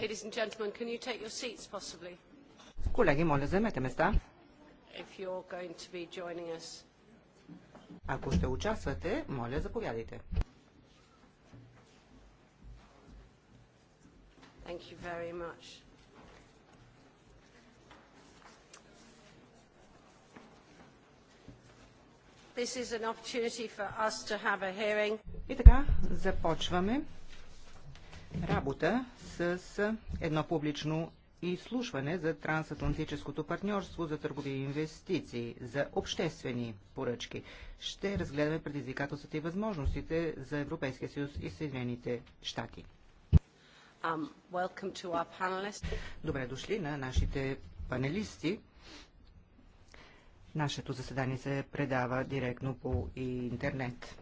Ladies and gentlemen, can you take your seats possibly? Колеги, моля, заемете места. If you're going to be joining us. Ако ще участвате, моля, заповядайте. Thank you very much. This is an opportunity for us to have a hearing. И така, започваме работа с едно публично изслушване за трансатлантическото партньорство за търгови и инвестиции, за обществени поръчки. Ще разгледаме предизвикателствата и възможностите за Европейския съюз и Съединените щати. Um, Добре дошли на нашите панелисти. Нашето заседание се предава директно по интернет.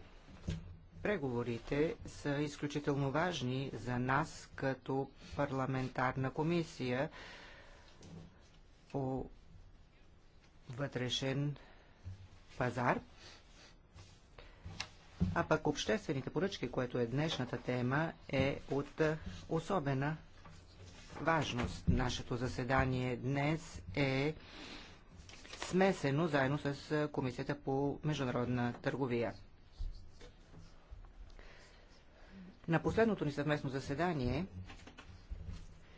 Преговорите са изключително важни за нас като парламентарна комисия по вътрешен пазар. А пък обществените поръчки, което е днешната тема, е от особена важност. Нашето заседание днес е смесено заедно с Комисията по международна търговия. На последното ни съвместно заседание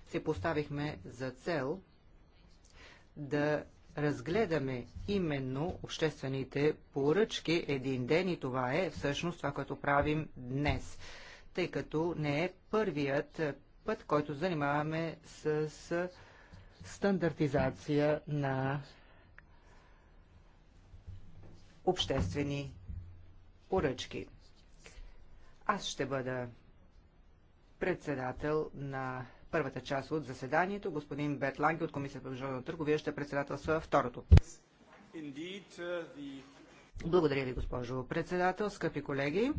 се поставихме за цел да разгледаме именно обществените поръчки един ден и това е всъщност това, което правим днес, тъй като не е първият път, който занимаваме с стандартизация на обществени поръчки. Аз ще бъда председател на първата част от заседанието. Господин Берт Ланге от Комисията по международна търговия ще председателства второто. Uh, Благодаря ви, госпожо председател, скъпи колеги.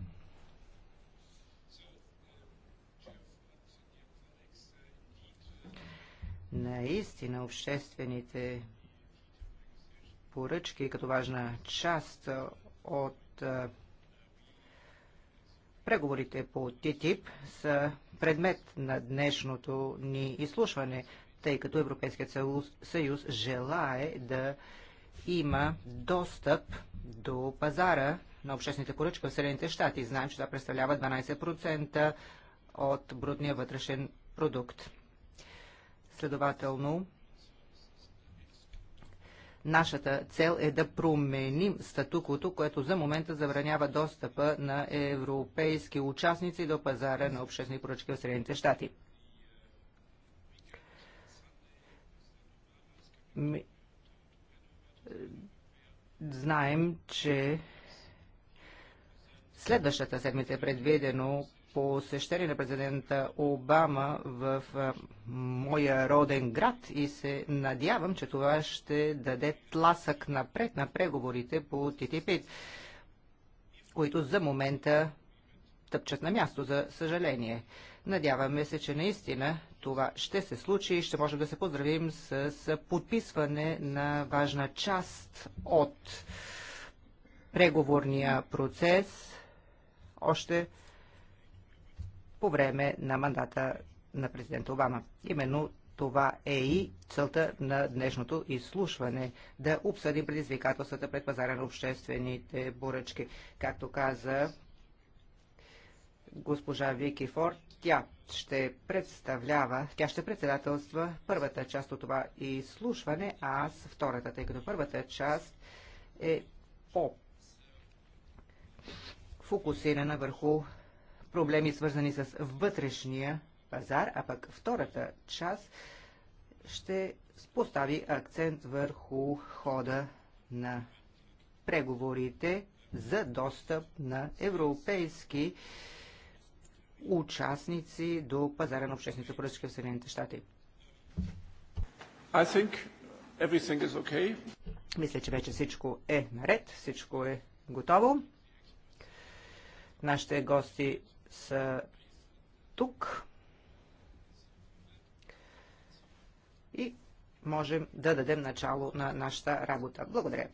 Наистина обществените поръчки като важна част от преговорите по ТИТИП са предмет на днешното ни изслушване, тъй като Европейският съюз желае да има достъп до пазара на обществените поръчки в Съединените щати. Знаем, че това представлява 12% от брутния вътрешен продукт. Следователно, Нашата цел е да променим статуквото, което за момента забранява достъпа на европейски участници до пазара на обществени поръчки в Средните щати. Е, знаем, че следващата седмица е предвидено посещение на президента Обама в моя роден град и се надявам, че това ще даде тласък напред на преговорите по ТТП, които за момента тъпчат на място, за съжаление. Надяваме се, че наистина това ще се случи и ще можем да се поздравим с, с подписване на важна част от преговорния процес още по време на мандата на президента Обама. Именно това е и целта на днешното изслушване – да обсъдим предизвикателствата пред пазара на обществените поръчки. Както каза госпожа Вики Форд, тя ще представлява, тя ще председателства първата част от това изслушване, а аз втората, тъй като първата част е по фокусирана върху проблеми, свързани с вътрешния пазар, а пък втората част ще постави акцент върху хода на преговорите за достъп на европейски участници до пазара на обществените поръчки в Съединените щати. I think everything is okay. Мисля, че вече всичко е наред, всичко е готово. Нашите гости са тук и можем да дадем начало на нашата работа. Благодаря.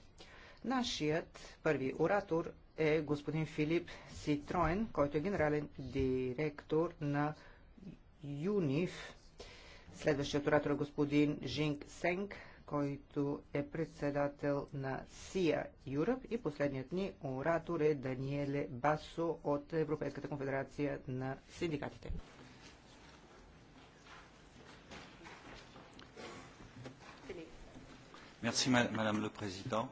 Нашият първи оратор е господин Филип Ситроен, който е генерален директор на ЮНИФ. Следващият оратор е господин Жинг Сенг, който е председател на СИА Юръп и последният ни оратор е Даниеле Басо от Европейската конфедерация на синдикатите. Merci, Madame le Président.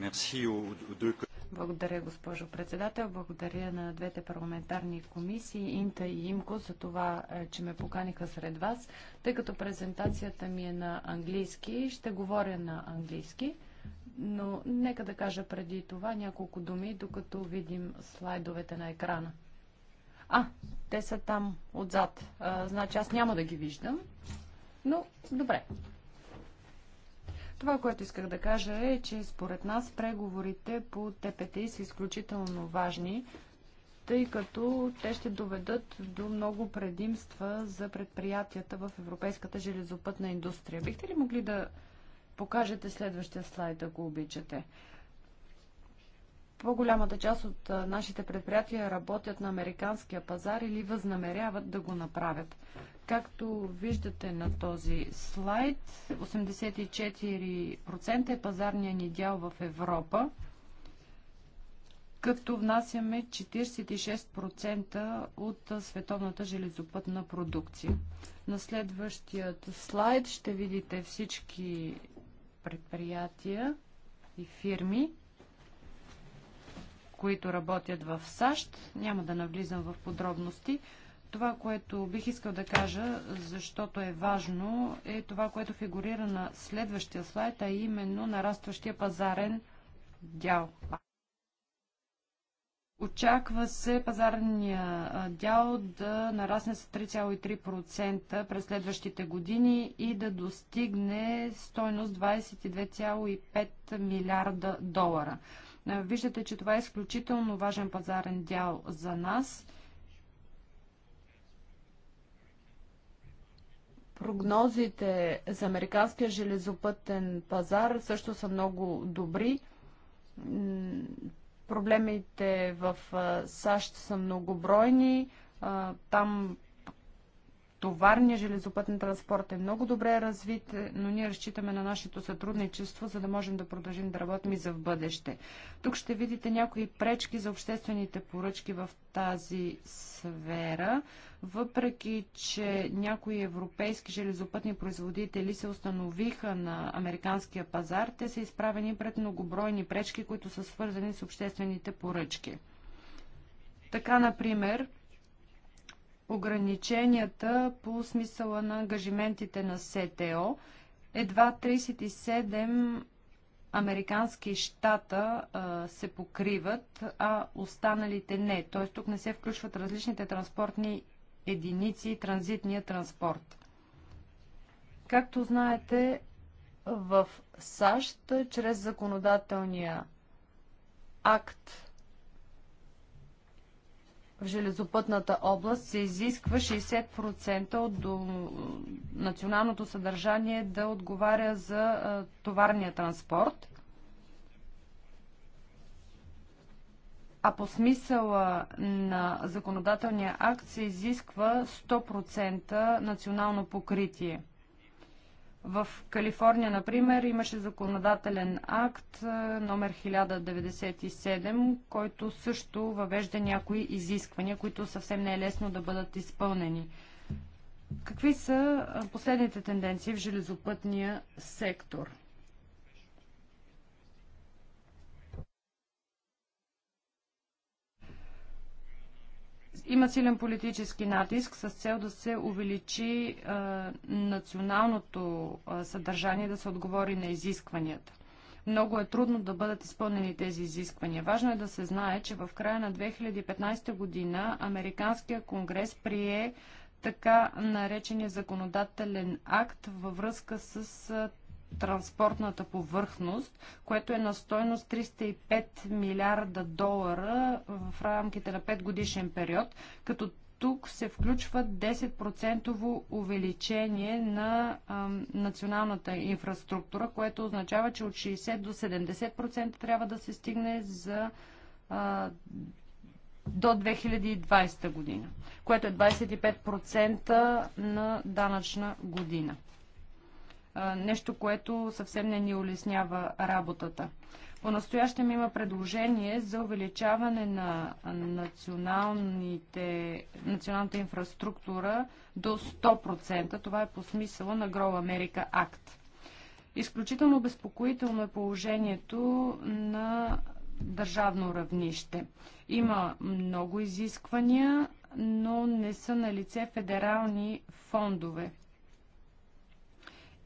Merci aux deux благодаря, госпожо председател. Благодаря на двете парламентарни комисии, Инта и Имко, за това, е, че ме поканиха сред вас. Тъй като презентацията ми е на английски, ще говоря на английски. Но нека да кажа преди това няколко думи, докато видим слайдовете на екрана. А, те са там отзад. А, значи аз няма да ги виждам. Но, добре. Това, което исках да кажа е, че според нас преговорите по ТПТИ са изключително важни, тъй като те ще доведат до много предимства за предприятията в европейската железопътна индустрия. Бихте ли могли да покажете следващия слайд, ако обичате? По-голямата част от нашите предприятия работят на американския пазар или възнамеряват да го направят. Както виждате на този слайд, 84% е пазарния ни дял в Европа, като внасяме 46% от световната железопътна продукция. На следващият слайд ще видите всички предприятия и фирми – които работят в САЩ. Няма да навлизам в подробности. Това, което бих искал да кажа, защото е важно, е това, което фигурира на следващия слайд, а именно нарастващия пазарен дял. Очаква се пазарния дял да нарасне с 3,3% през следващите години и да достигне стойност 22,5 милиарда долара. Е, виждате, че това е изключително важен пазарен дял за нас. Прогнозите за американския железопътен пазар също са много добри. Проблемите в САЩ са многобройни. Там Товарният железопътен транспорт е много добре развит, но ние разчитаме на нашето сътрудничество, за да можем да продължим да работим и за в бъдеще. Тук ще видите някои пречки за обществените поръчки в тази сфера, въпреки че някои европейски железопътни производители се установиха на американския пазар, те са изправени пред многобройни пречки, които са свързани с обществените поръчки. Така, например, ограниченията по смисъла на ангажиментите на СТО. Едва 37 американски щата а, се покриват, а останалите не. Т.е. тук не се включват различните транспортни единици и транзитния транспорт. Както знаете, в САЩ чрез законодателния акт в железопътната област се изисква 60% от до... националното съдържание да отговаря за а, товарния транспорт. А по смисъла на законодателния акт се изисква 100% национално покритие. В Калифорния, например, имаше законодателен акт е, номер 1097, който също въвежда някои изисквания, които съвсем не е лесно да бъдат изпълнени. Какви са е, последните тенденции в железопътния сектор? има силен политически натиск с цел да се увеличи а, националното а, съдържание, да се отговори на изискванията. Много е трудно да бъдат изпълнени тези изисквания. Важно е да се знае, че в края на 2015 година Американския конгрес прие така наречения законодателен акт във връзка с транспортната повърхност, което е на стойност 305 милиарда долара в рамките на 5 годишен период, като тук се включва 10% увеличение на а, националната инфраструктура, което означава, че от 60 до 70% трябва да се стигне за а, до 2020 година, което е 25% на данъчна година нещо, което съвсем не ни улеснява работата. По-настоящем има предложение за увеличаване на националната инфраструктура до 100%. Това е по смисъла на Grow America Act. Изключително безпокоително е положението на държавно равнище. Има много изисквания, но не са на лице федерални фондове.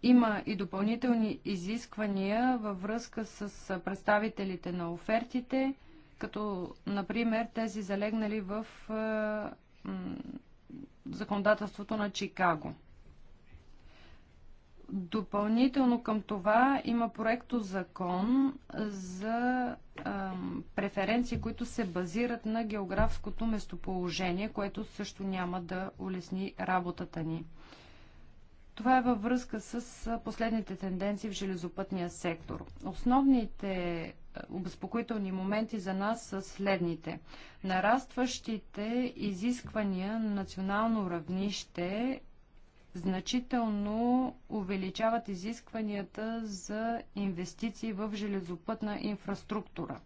Има и допълнителни изисквания във връзка с представителите на офертите, като, например, тези залегнали в е, законодателството на Чикаго. Допълнително към това има проекто закон за а, е, преференции, които се базират на географското местоположение, което също няма да улесни работата ни. Това е във връзка с последните тенденции в железопътния сектор. Основните обезпокоителни моменти за нас са следните. Нарастващите изисквания на национално равнище значително увеличават изискванията за инвестиции в железопътна инфраструктура.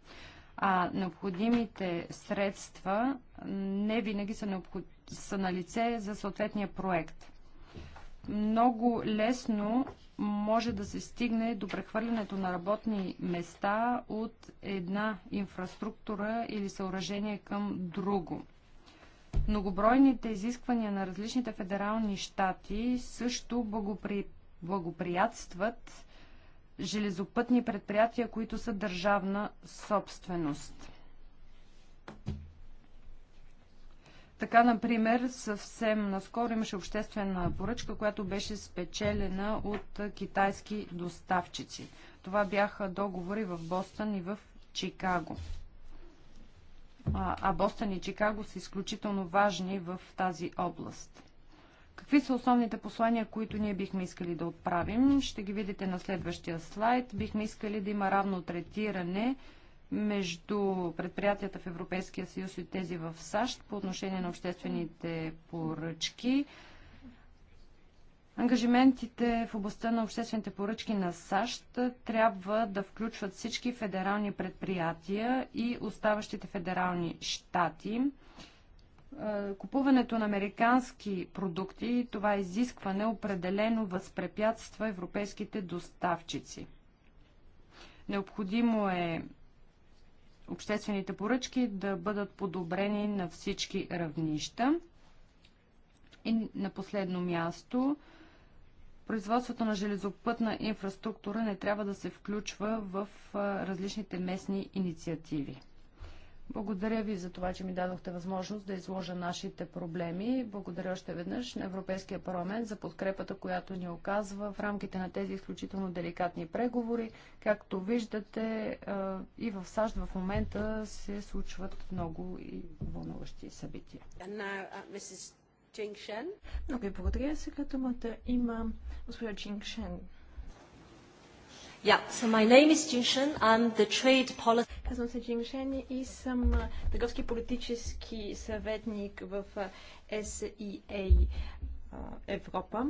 А необходимите средства не винаги са, необход... са на лице за съответния проект много лесно може да се стигне до прехвърлянето на работни места от една инфраструктура или съоръжение към друго. Многобройните изисквания на различните федерални щати също благопри... благоприятстват железопътни предприятия, които са държавна собственост. Така, например, съвсем наскоро имаше обществена поръчка, която беше спечелена от китайски доставчици. Това бяха договори в Бостън и в Чикаго. А, а Бостън и Чикаго са изключително важни в тази област. Какви са основните послания, които ние бихме искали да отправим? Ще ги видите на следващия слайд. Бихме искали да има равно третиране между предприятията в Европейския съюз и тези в САЩ по отношение на обществените поръчки. Ангажиментите в областта на обществените поръчки на САЩ трябва да включват всички федерални предприятия и оставащите федерални щати. Е, купуването на американски продукти, това изискване определено възпрепятства европейските доставчици. Необходимо е обществените поръчки да бъдат подобрени на всички равнища. И на последно място, производството на железопътна инфраструктура не трябва да се включва в различните местни инициативи. Благодаря ви за това, че ми дадохте възможност да изложа нашите проблеми. Благодаря още веднъж на Европейския парламент за подкрепата, която ни оказва в рамките на тези изключително деликатни преговори. Както виждате, и в САЩ в момента се случват много и вълнуващи събития. Uh, много ви благодаря. Сега думата има госпожа Чингшен. Yeah, so my name is I'm the trade policy... Казвам се Джиншен и съм търговски политически съветник в SEA Европа.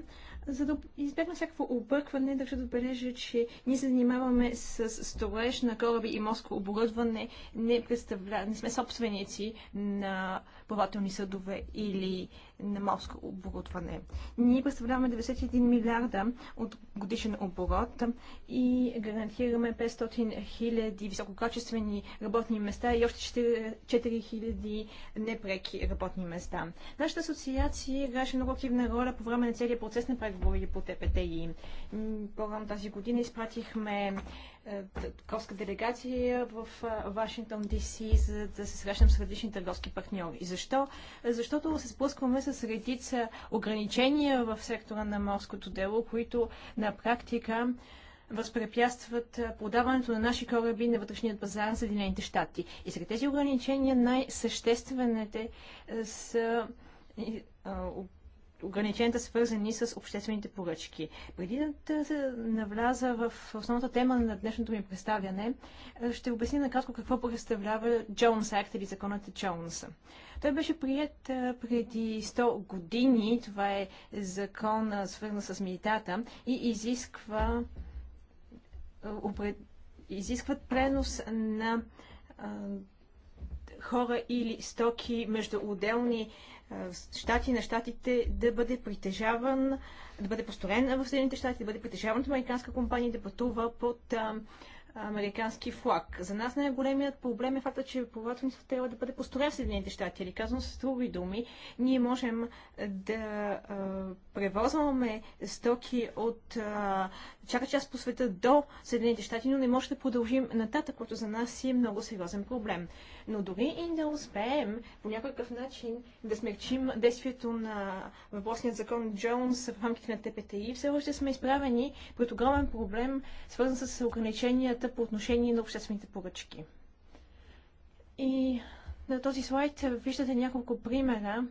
За да избегна всякакво объркване, държа да отбележа, че ние се занимаваме с строеж на кораби и морско оборудване, не, представля... не сме собственици на плавателни съдове или на морско оборудване. Ние представляваме 91 милиарда от годишен оборот и гарантираме 500 хиляди висококачествени работни места и още 4 хиляди непреки работни места. Нашата асоциация играше много активна роля по време на целия процес на преговори преговорили по ТПТИ. По-рано тази година изпратихме е, търговска делегация в е, Вашингтон, ДС, за да се срещнем с различни търговски партньори. защо? Защото се сблъскваме с редица ограничения в сектора на морското дело, които на практика възпрепятстват е, продаването на наши кораби на вътрешният пазар на Съединените щати. И сред тези ограничения най-съществените са ограниченията, свързани с обществените поръчки. Преди да се навляза в основната тема на днешното ми представяне, ще обясня накратко какво представлява Джонс Акт или законът Джонс. Той беше прият преди 100 години. Това е закон, свързан с милитата и изисква изискват пренос на хора или стоки между отделни щати на щатите да бъде притежаван, да бъде построен в Съединените щати, да бъде притежаван от американска компания и да пътува под а, американски флаг. За нас най-големият проблем е факта, че плавателницата трябва е да бъде построен в Съединените щати. Или казвам, с други думи, ние можем да а, превозваме стоки от Чака част по света до Съединените щати, но не може да продължим нататък, което за нас е много сериозен проблем. Но дори и да успеем по някакъв начин да смягчим действието на въпросният закон Джонс в рамките на ТПТИ, все още сме изправени пред огромен проблем, свързан с ограниченията по отношение на обществените поръчки. И на този слайд виждате няколко примера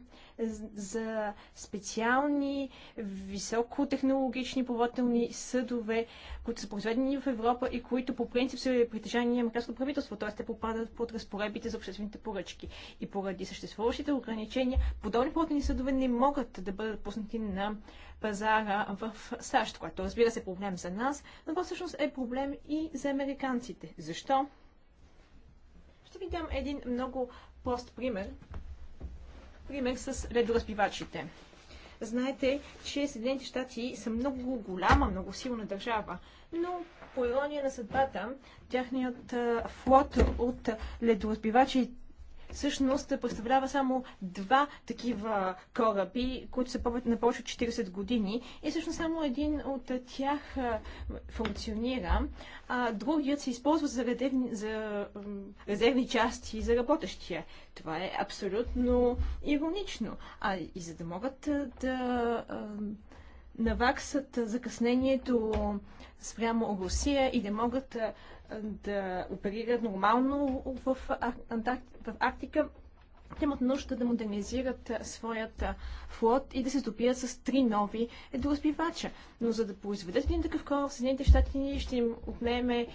за специални високотехнологични плавателни съдове, които са произведени в Европа и които по принцип са притежани на американското правителство, т.е. те попадат под разпоредбите за обществените поръчки. И поради съществуващите ограничения, подобни плавателни съдове не могат да бъдат пуснати на пазара в САЩ, което разбира се е проблем за нас, но това всъщност е проблем и за американците. Защо? Ще ви дам един много прост пример. Пример с ледоразбивачите. Знаете, че Съединените щати са много голяма, много силна държава, но по ирония на съдбата, тяхният флот от ледоразбивачи всъщност представлява само два такива кораби, които са на повече от 40 години и всъщност само един от тях функционира, а другият се използва за резервни, за резервни части за работещия. Това е абсолютно иронично. А и за да могат да наваксат закъснението спрямо Русия и да могат да оперират нормално в, в Арктика. Те имат нужда да модернизират своят флот и да се допият с три нови едоразбивача. Но за да произведат един такъв кораб, Съединените щати ще им отнеме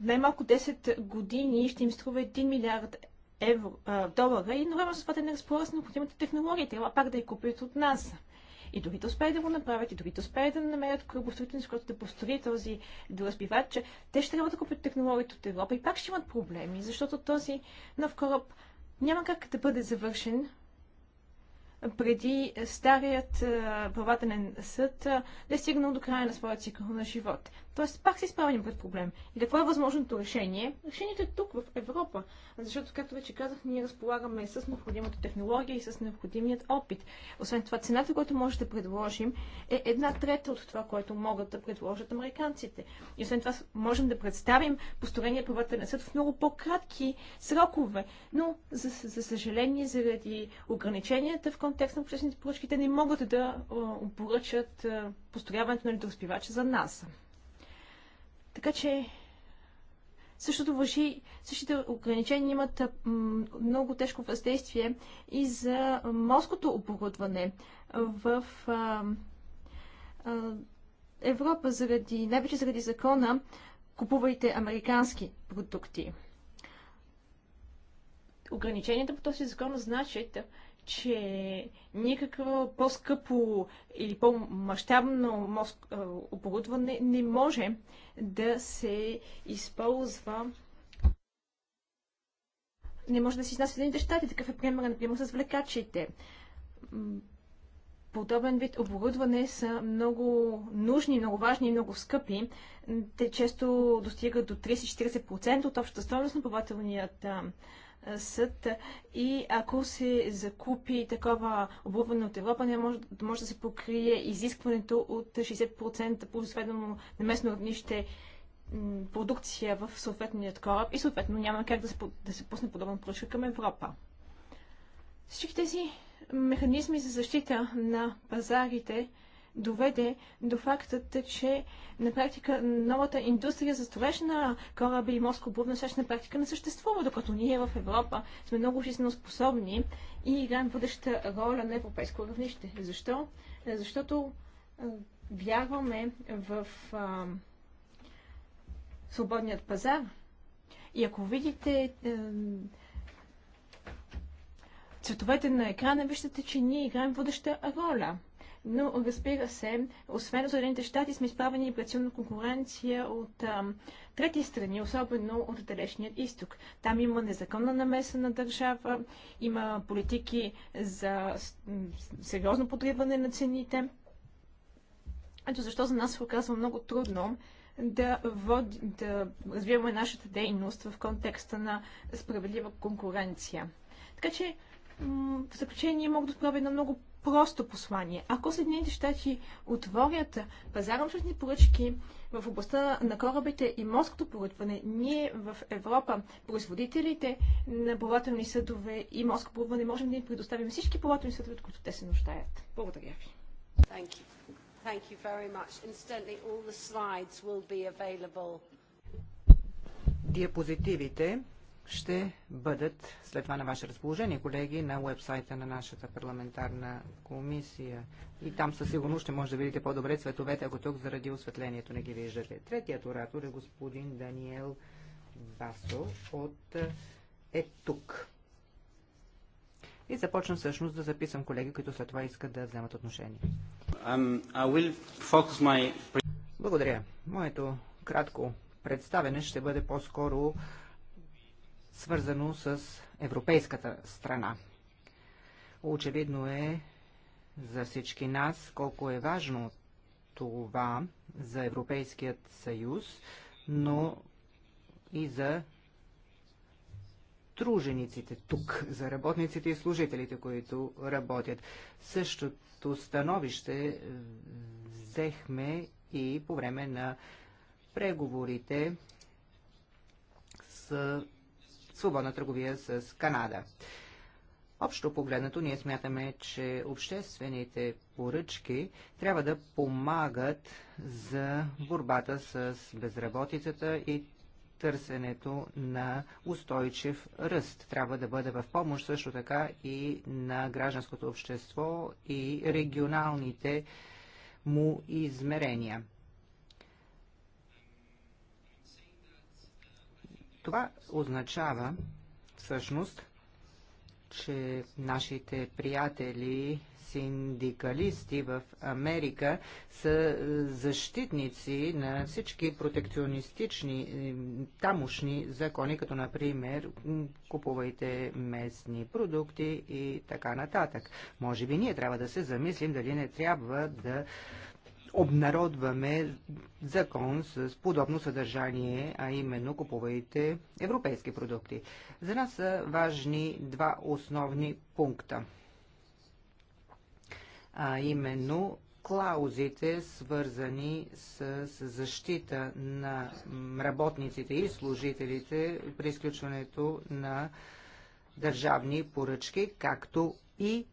най-малко 10 години и ще им струва 1 милиард евро, а, долара и едновременно с това те не разполагат с необходимите технологии. Трябва пак да я купят от нас. И дори да успеят да го направят, и дори да успеят да намерят с който да построи този доразбивач, те ще трябва да купят технологията от Европа и пак ще имат проблеми, защото този нов кораб няма как да бъде завършен преди старият правателен съд да е стигнал до края на своя цикъл на живот. Тоест, пак се изправим пред проблем. И какво е възможното решение? Решението е тук, в Европа. Защото, както вече казах, ние разполагаме с необходимата технология и с необходимият опит. Освен това, цената, която може да предложим, е една трета от това, което могат да предложат американците. И освен това, можем да представим построения правателен съд в много по-кратки срокове. Но, за, за съжаление, заради ограниченията в контекст на обществените поръчки, те не могат да поръчат построяването на литоспивача за нас. Така че Същото въжи, същите ограничения имат много тежко въздействие и за морското оборудване в а, а, Европа, заради, най-вече заради закона, купувайте американски продукти. Ограниченията по този закон значат, че никакво по-скъпо или по-масштабно оборудване не може да се използва не може да се изнася в щати. Такъв е пример, например, с влекачите. Подобен вид оборудване са много нужни, много важни и много скъпи. Те често достигат до 30-40% от общата стоеност на плавателният съд и ако се закупи такова обуване от Европа, не може, може да се покрие изискването от 60% по произведено на местно равнище продукция в съответният кораб и съответно няма как да се, да се пусне подобна поръчка към Европа. Всички тези механизми за защита на пазарите доведе до фактът, че на практика новата индустрия за строеж на кораби и морско бурно също на практика не съществува, докато ние в Европа сме много жизненно способни и играем бъдеща роля на европейско равнище. Защо? Защото вярваме в а, свободният пазар. И ако видите цветовете на екрана, виждате, че ние играем водеща роля но разбира се, освен от Съединените щати, сме изправени пред силна конкуренция от а, трети страни, особено от далечният изток. Там има незаконна намеса на държава, има политики за сериозно подриване на цените. Ето защо за нас се оказва много трудно да, води, да развиваме нашата дейност в контекста на справедлива конкуренция. Така че, в заключение мога да справя едно много просто послание. Ако Съединените щати отворят пазарно на поръчки в областта на корабите и морското поръчване, ние в Европа, производителите на плавателни съдове и морско поръчване, можем да им предоставим всички плавателни съдове, от които те се нуждаят. Благодаря ви. Thank you. Thank you very much. all the slides will be available. Диапозитивите ще бъдат след това на ваше разположение, колеги, на уебсайта на нашата парламентарна комисия. И там със сигурност ще може да видите по-добре цветовете, ако тук заради осветлението не ги виждате. Третият оратор е господин Даниел Басо от е тук. И започвам всъщност да записвам колеги, които след това искат да вземат отношение. Um, my... Благодаря. Моето кратко представене ще бъде по-скоро свързано с европейската страна. Очевидно е за всички нас колко е важно това за Европейският съюз, но и за тружениците тук, за работниците и служителите, които работят. Същото становище взехме и по време на преговорите с свободна търговия с Канада. Общо погледнато ние смятаме, че обществените поръчки трябва да помагат за борбата с безработицата и търсенето на устойчив ръст. Трябва да бъде в помощ също така и на гражданското общество и регионалните му измерения. Това означава всъщност, че нашите приятели синдикалисти в Америка са защитници на всички протекционистични е, тамошни закони, като например купувайте местни продукти и така нататък. Може би ние трябва да се замислим дали не трябва да обнародваме закон с подобно съдържание, а именно купувайте европейски продукти. За нас са важни два основни пункта, а именно клаузите, свързани с защита на работниците и служителите при изключването на държавни поръчки, както и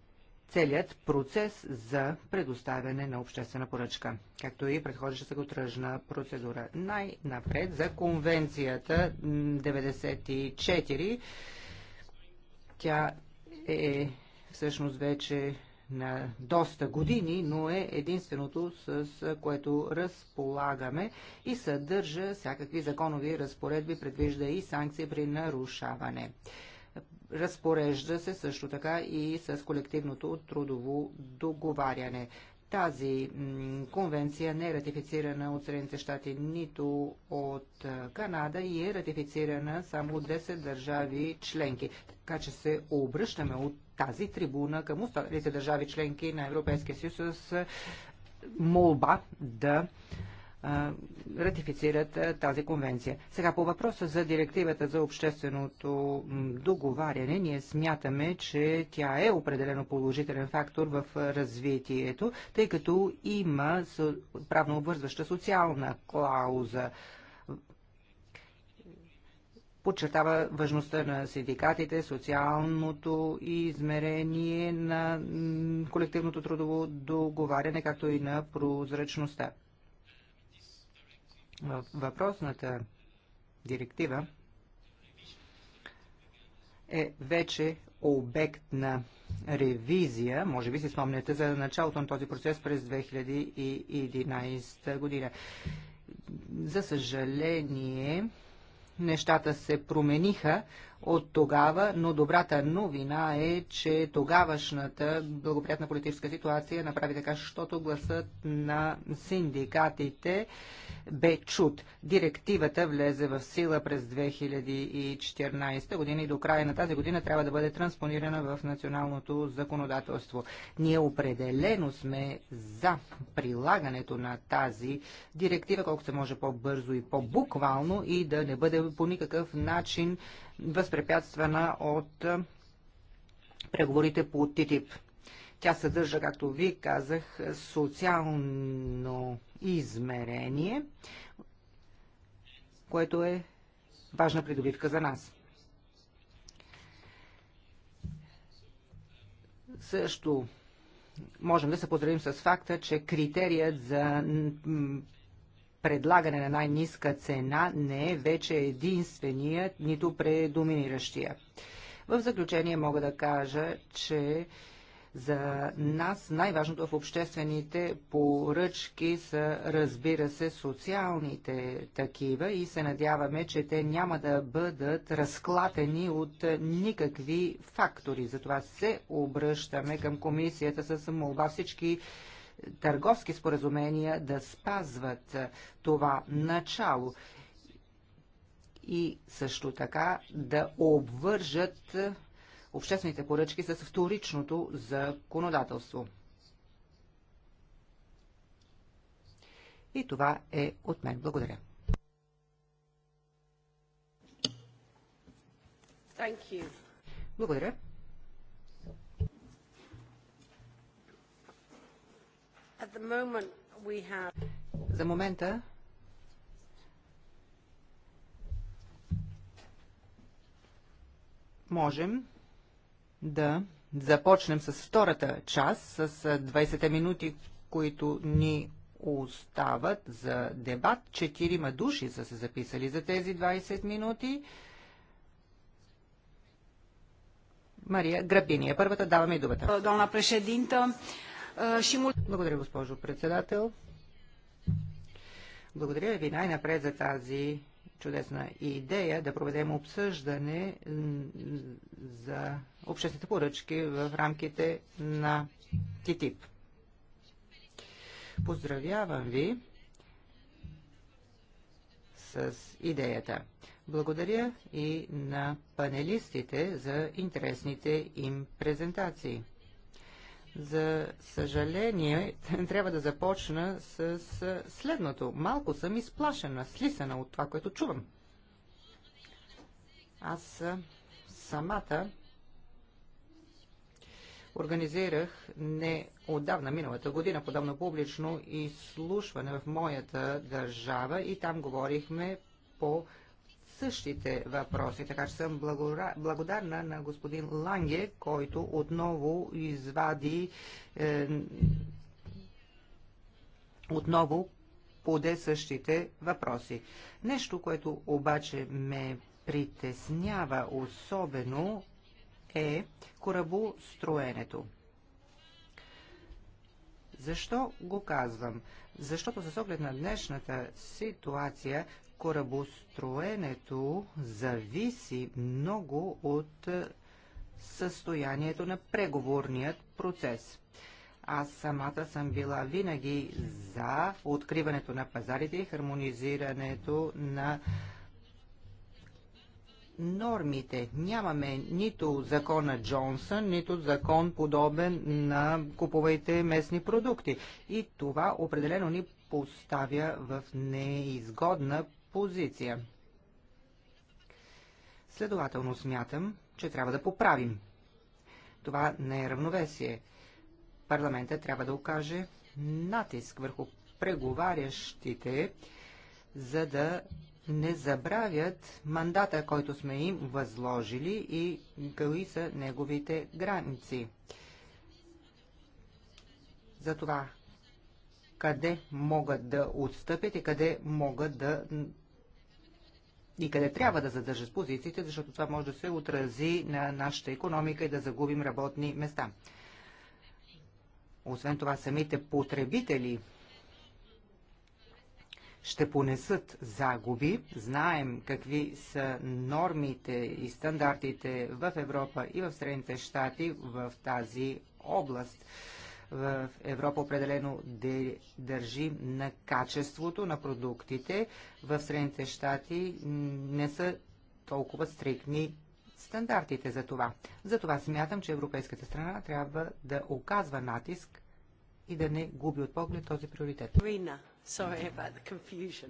целият процес за предоставяне на обществена поръчка, както и предходящата го тръжна процедура. Най-напред за конвенцията 94. Тя е всъщност вече на доста години, но е единственото, с което разполагаме и съдържа всякакви законови разпоредби, предвижда и санкции при нарушаване. Разпорежда се също така и с колективното трудово договаряне. Тази конвенция не е ратифицирана от Средните щати, нито от Канада и е ратифицирана само от 10 държави членки. Така че се обръщаме от тази трибуна към останалите държави членки на Европейския съюз с молба да ратифицират тази конвенция. Сега по въпроса за директивата за общественото договаряне, ние смятаме, че тя е определено положителен фактор в развитието, тъй като има правно обвързваща социална клауза подчертава важността на синдикатите, социалното измерение на колективното трудово договаряне, както и на прозрачността. В въпросната директива е вече обект на ревизия. Може би си спомняте за началото на този процес през 2011 година. За съжаление, нещата се промениха от тогава, но добрата новина е, че тогавашната благоприятна политическа ситуация направи така, защото гласът на синдикатите бе чут. Директивата влезе в сила през 2014 година и до края на тази година трябва да бъде транспонирана в националното законодателство. Ние определено сме за прилагането на тази директива, колкото се може по-бързо и по-буквално и да не бъде по никакъв начин възпрепятствана от преговорите по ТТИП. Тя съдържа, както ви казах, социално измерение, което е важна придобивка за нас. Също можем да се поздравим с факта, че критерият за предлагане на най ниска цена не е вече единственият, нито предоминиращия. В заключение мога да кажа, че за нас най-важното в обществените поръчки са, разбира се, социалните такива и се надяваме, че те няма да бъдат разклатени от никакви фактори. Затова се обръщаме към комисията с молба всички търговски споразумения да спазват това начало и също така да обвържат обществените поръчки с вторичното законодателство. И това е от мен. Благодаря. Благодаря. За момента можем да започнем с втората част, с 20-те минути, които ни остават за дебат. Четирима души са се записали за тези 20 минути. Мария Грабини е първата, даваме и думата. Долна președинtă, благодаря, госпожо председател. Благодаря ви най-напред за тази чудесна идея да проведем обсъждане за обществените поръчки в рамките на ТИТИП. Поздравявам ви с идеята. Благодаря и на панелистите за интересните им презентации. За съжаление, трябва да започна с следното. Малко съм изплашена, слисана от това, което чувам. Аз самата организирах не отдавна, миналата година, подобно публично изслушване в моята държава и там говорихме по същите въпроси. Така че съм благодарна на господин Ланге, който отново извади е, отново поде същите въпроси. Нещо, което обаче ме притеснява особено е корабостроенето. Защо го казвам? Защото с оглед на днешната ситуация корабостроенето зависи много от е, състоянието на преговорният процес. Аз самата съм била винаги за откриването на пазарите и хармонизирането на нормите. Нямаме нито закона Джонсън, нито закон подобен на купувайте местни продукти. И това определено ни поставя в неизгодна позиция. Следователно смятам, че трябва да поправим. Това не е равновесие. Парламента трябва да окаже натиск върху преговарящите, за да не забравят мандата, който сме им възложили и кои са неговите граници. За това къде могат да отстъпят и къде могат да и къде трябва да задържат позициите, защото това може да се отрази на нашата економика и да загубим работни места. Освен това, самите потребители ще понесат загуби. Знаем какви са нормите и стандартите в Европа и в Средните щати в тази област в Европа определено държи на качеството на продуктите. В Средните щати не са толкова стрикни стандартите за това. Затова смятам, че европейската страна трябва да оказва натиск и да не губи от поглед този приоритет. Рина, sorry about the confusion.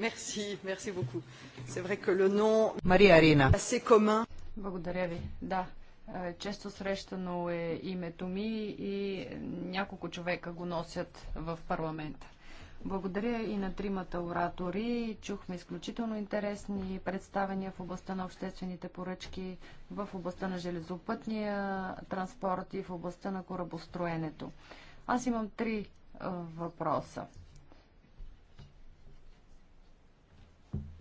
Merci, merci beaucoup. C'est vrai que le nom Мария Рина. Assez commun. Благодаря ви. Да, е, често срещано е името ми и няколко човека го носят в парламента. Благодаря и на тримата оратори. Чухме изключително интересни представения в областта на обществените поръчки, в областта на железопътния транспорт и в областта на корабостроенето. Аз имам три е, въпроса.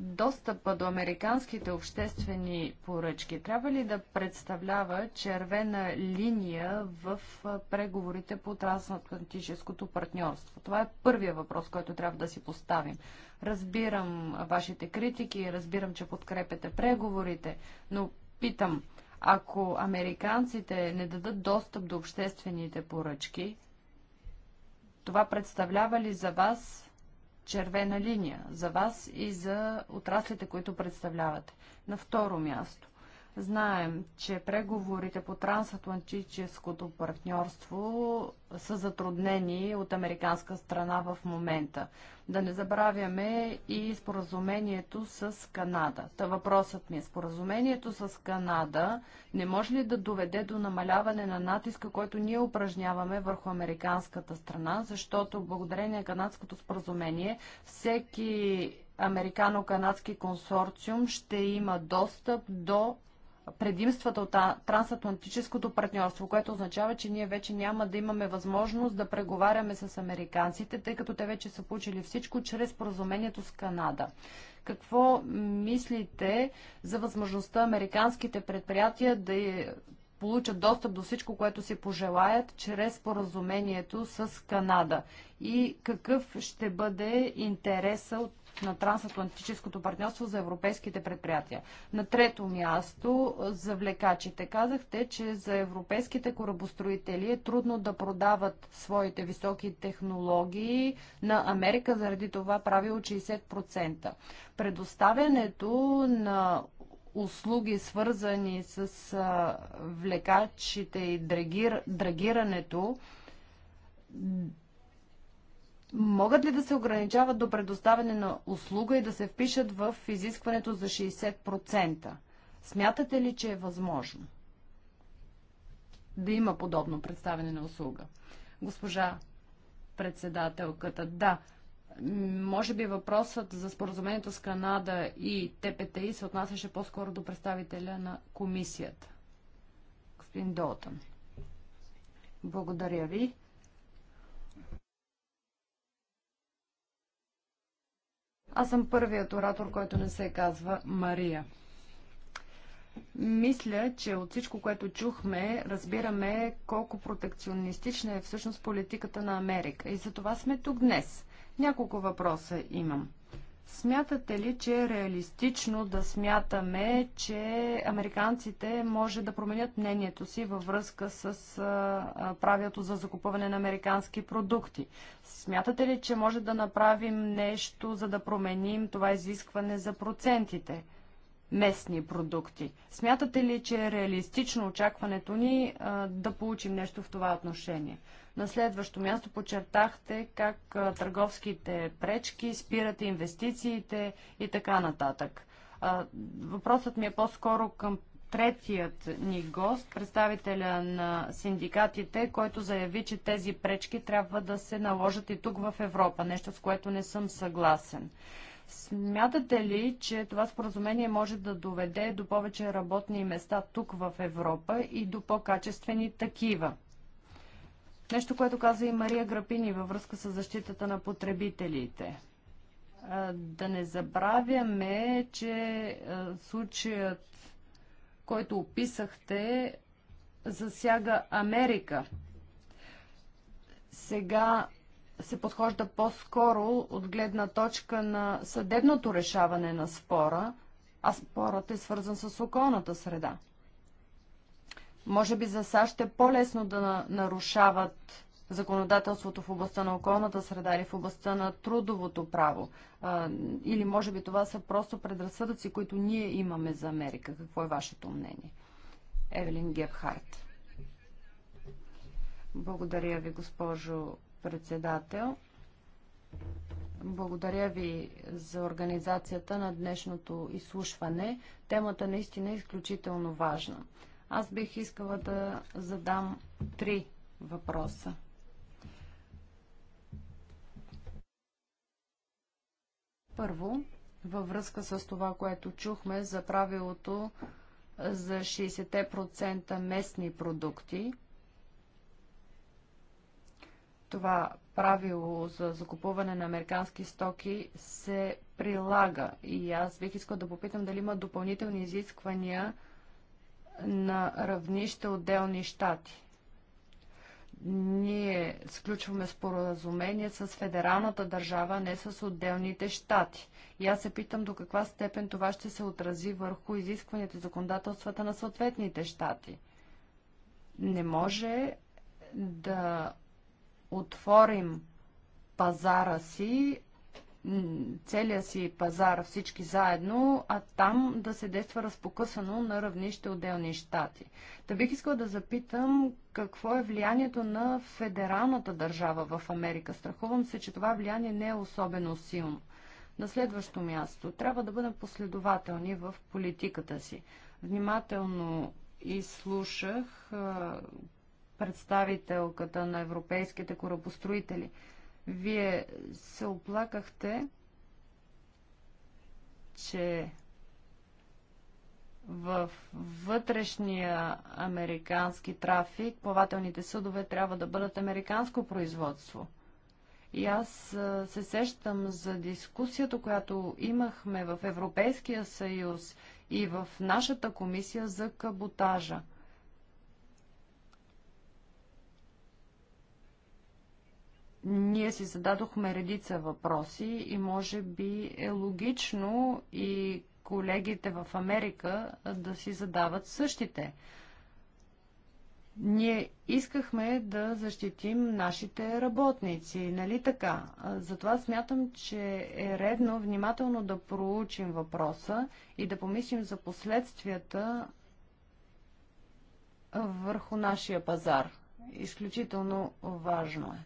достъпа до американските обществени поръчки трябва ли да представлява червена линия в преговорите по трансатлантическото партньорство? Това е първия въпрос, който трябва да си поставим. Разбирам вашите критики, разбирам, че подкрепяте преговорите, но питам, ако американците не дадат достъп до обществените поръчки, това представлява ли за вас червена линия за вас и за отраслите, които представлявате. На второ място, Знаем, че преговорите по трансатлантическото партньорство са затруднени от американска страна в момента. Да не забравяме и споразумението с Канада. Та въпросът ми е, споразумението с Канада не може ли да доведе до намаляване на натиска, който ние упражняваме върху американската страна, защото благодарение на канадското споразумение всеки американо-канадски консорциум ще има достъп до предимствата от трансатлантическото партньорство, което означава, че ние вече няма да имаме възможност да преговаряме с американците, тъй като те вече са получили всичко чрез поразумението с Канада. Какво мислите за възможността американските предприятия да е, получат достъп до всичко, което си пожелаят, чрез поразумението с Канада? И какъв ще бъде интереса от на трансатлантическото партньорство за европейските предприятия. На трето място, за влекачите. Казахте, че за европейските корабостроители е трудно да продават своите високи технологии на Америка, заради това правило 60%. Предоставянето на услуги, свързани с влекачите и драгир, драгирането, могат ли да се ограничават до предоставяне на услуга и да се впишат в изискването за 60%? Смятате ли, че е възможно да има подобно представяне на услуга? Госпожа председателката, да, може би въпросът за споразумението с Канада и ТПТИ се отнасяше по-скоро до представителя на комисията. Господин Долтън. Благодаря ви. Аз съм първият оратор, който не се казва Мария. Мисля, че от всичко, което чухме, разбираме колко протекционистична е всъщност политиката на Америка. И за това сме тук днес. Няколко въпроса имам. Смятате ли, че е реалистично да смятаме, че американците може да променят мнението си във връзка с правилото за закупуване на американски продукти? Смятате ли, че може да направим нещо, за да променим това изискване за процентите? местни продукти. Смятате ли, че е реалистично очакването ни а, да получим нещо в това отношение? На следващо място подчертахте как търговските пречки спират инвестициите и така нататък. Въпросът ми е по-скоро към третият ни гост, представителя на синдикатите, който заяви, че тези пречки трябва да се наложат и тук в Европа, нещо с което не съм съгласен. Смятате ли, че това споразумение може да доведе до повече работни места тук в Европа и до по-качествени такива? Нещо, което каза и Мария Грапини във връзка с защитата на потребителите. Да не забравяме, че случаят, който описахте, засяга Америка. Сега се подхожда по-скоро от гледна точка на съдебното решаване на спора, а спорът е свързан с околната среда. Може би за САЩ е по-лесно да нарушават законодателството в областта на околната среда или в областта на трудовото право. А, или може би това са просто предразсъдъци, които ние имаме за Америка. Какво е вашето мнение? Евелин Гебхарт. Благодаря ви, госпожо председател. Благодаря ви за организацията на днешното изслушване. Темата наистина е изключително важна. Аз бих искала да задам три въпроса. Първо, във връзка с това, което чухме за правилото за 60% местни продукти. Това правило за закупуване на американски стоки се прилага и аз бих искал да попитам дали има допълнителни изисквания на равнище отделни щати. Ние сключваме споразумение с федералната държава, не с отделните щати. И аз се питам до каква степен това ще се отрази върху изискванията и законодателствата на съответните щати. Не може да отворим пазара си целия си пазар всички заедно, а там да се действа разпокъсано на равнище отделни щати. Та бих искала да запитам какво е влиянието на федералната държава в Америка. Страхувам се, че това влияние не е особено силно. На следващо място, трябва да бъдем последователни в политиката си. Внимателно изслушах представителката на европейските корабостроители – вие се оплакахте, че в вътрешния американски трафик плавателните съдове трябва да бъдат американско производство. И аз се сещам за дискусията, която имахме в Европейския съюз и в нашата комисия за каботажа – ние си зададохме редица въпроси и може би е логично и колегите в Америка да си задават същите. Ние искахме да защитим нашите работници, нали така? Затова смятам, че е редно внимателно да проучим въпроса и да помислим за последствията върху нашия пазар. Изключително важно е.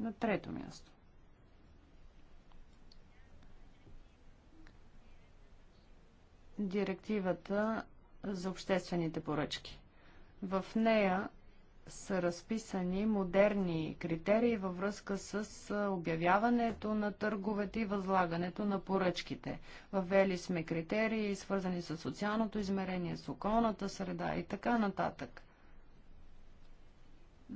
На трето място. Директивата за обществените поръчки. В нея са разписани модерни критерии във връзка с обявяването на търговете и възлагането на поръчките. Въвели сме критерии, свързани с социалното измерение, с околната среда и така нататък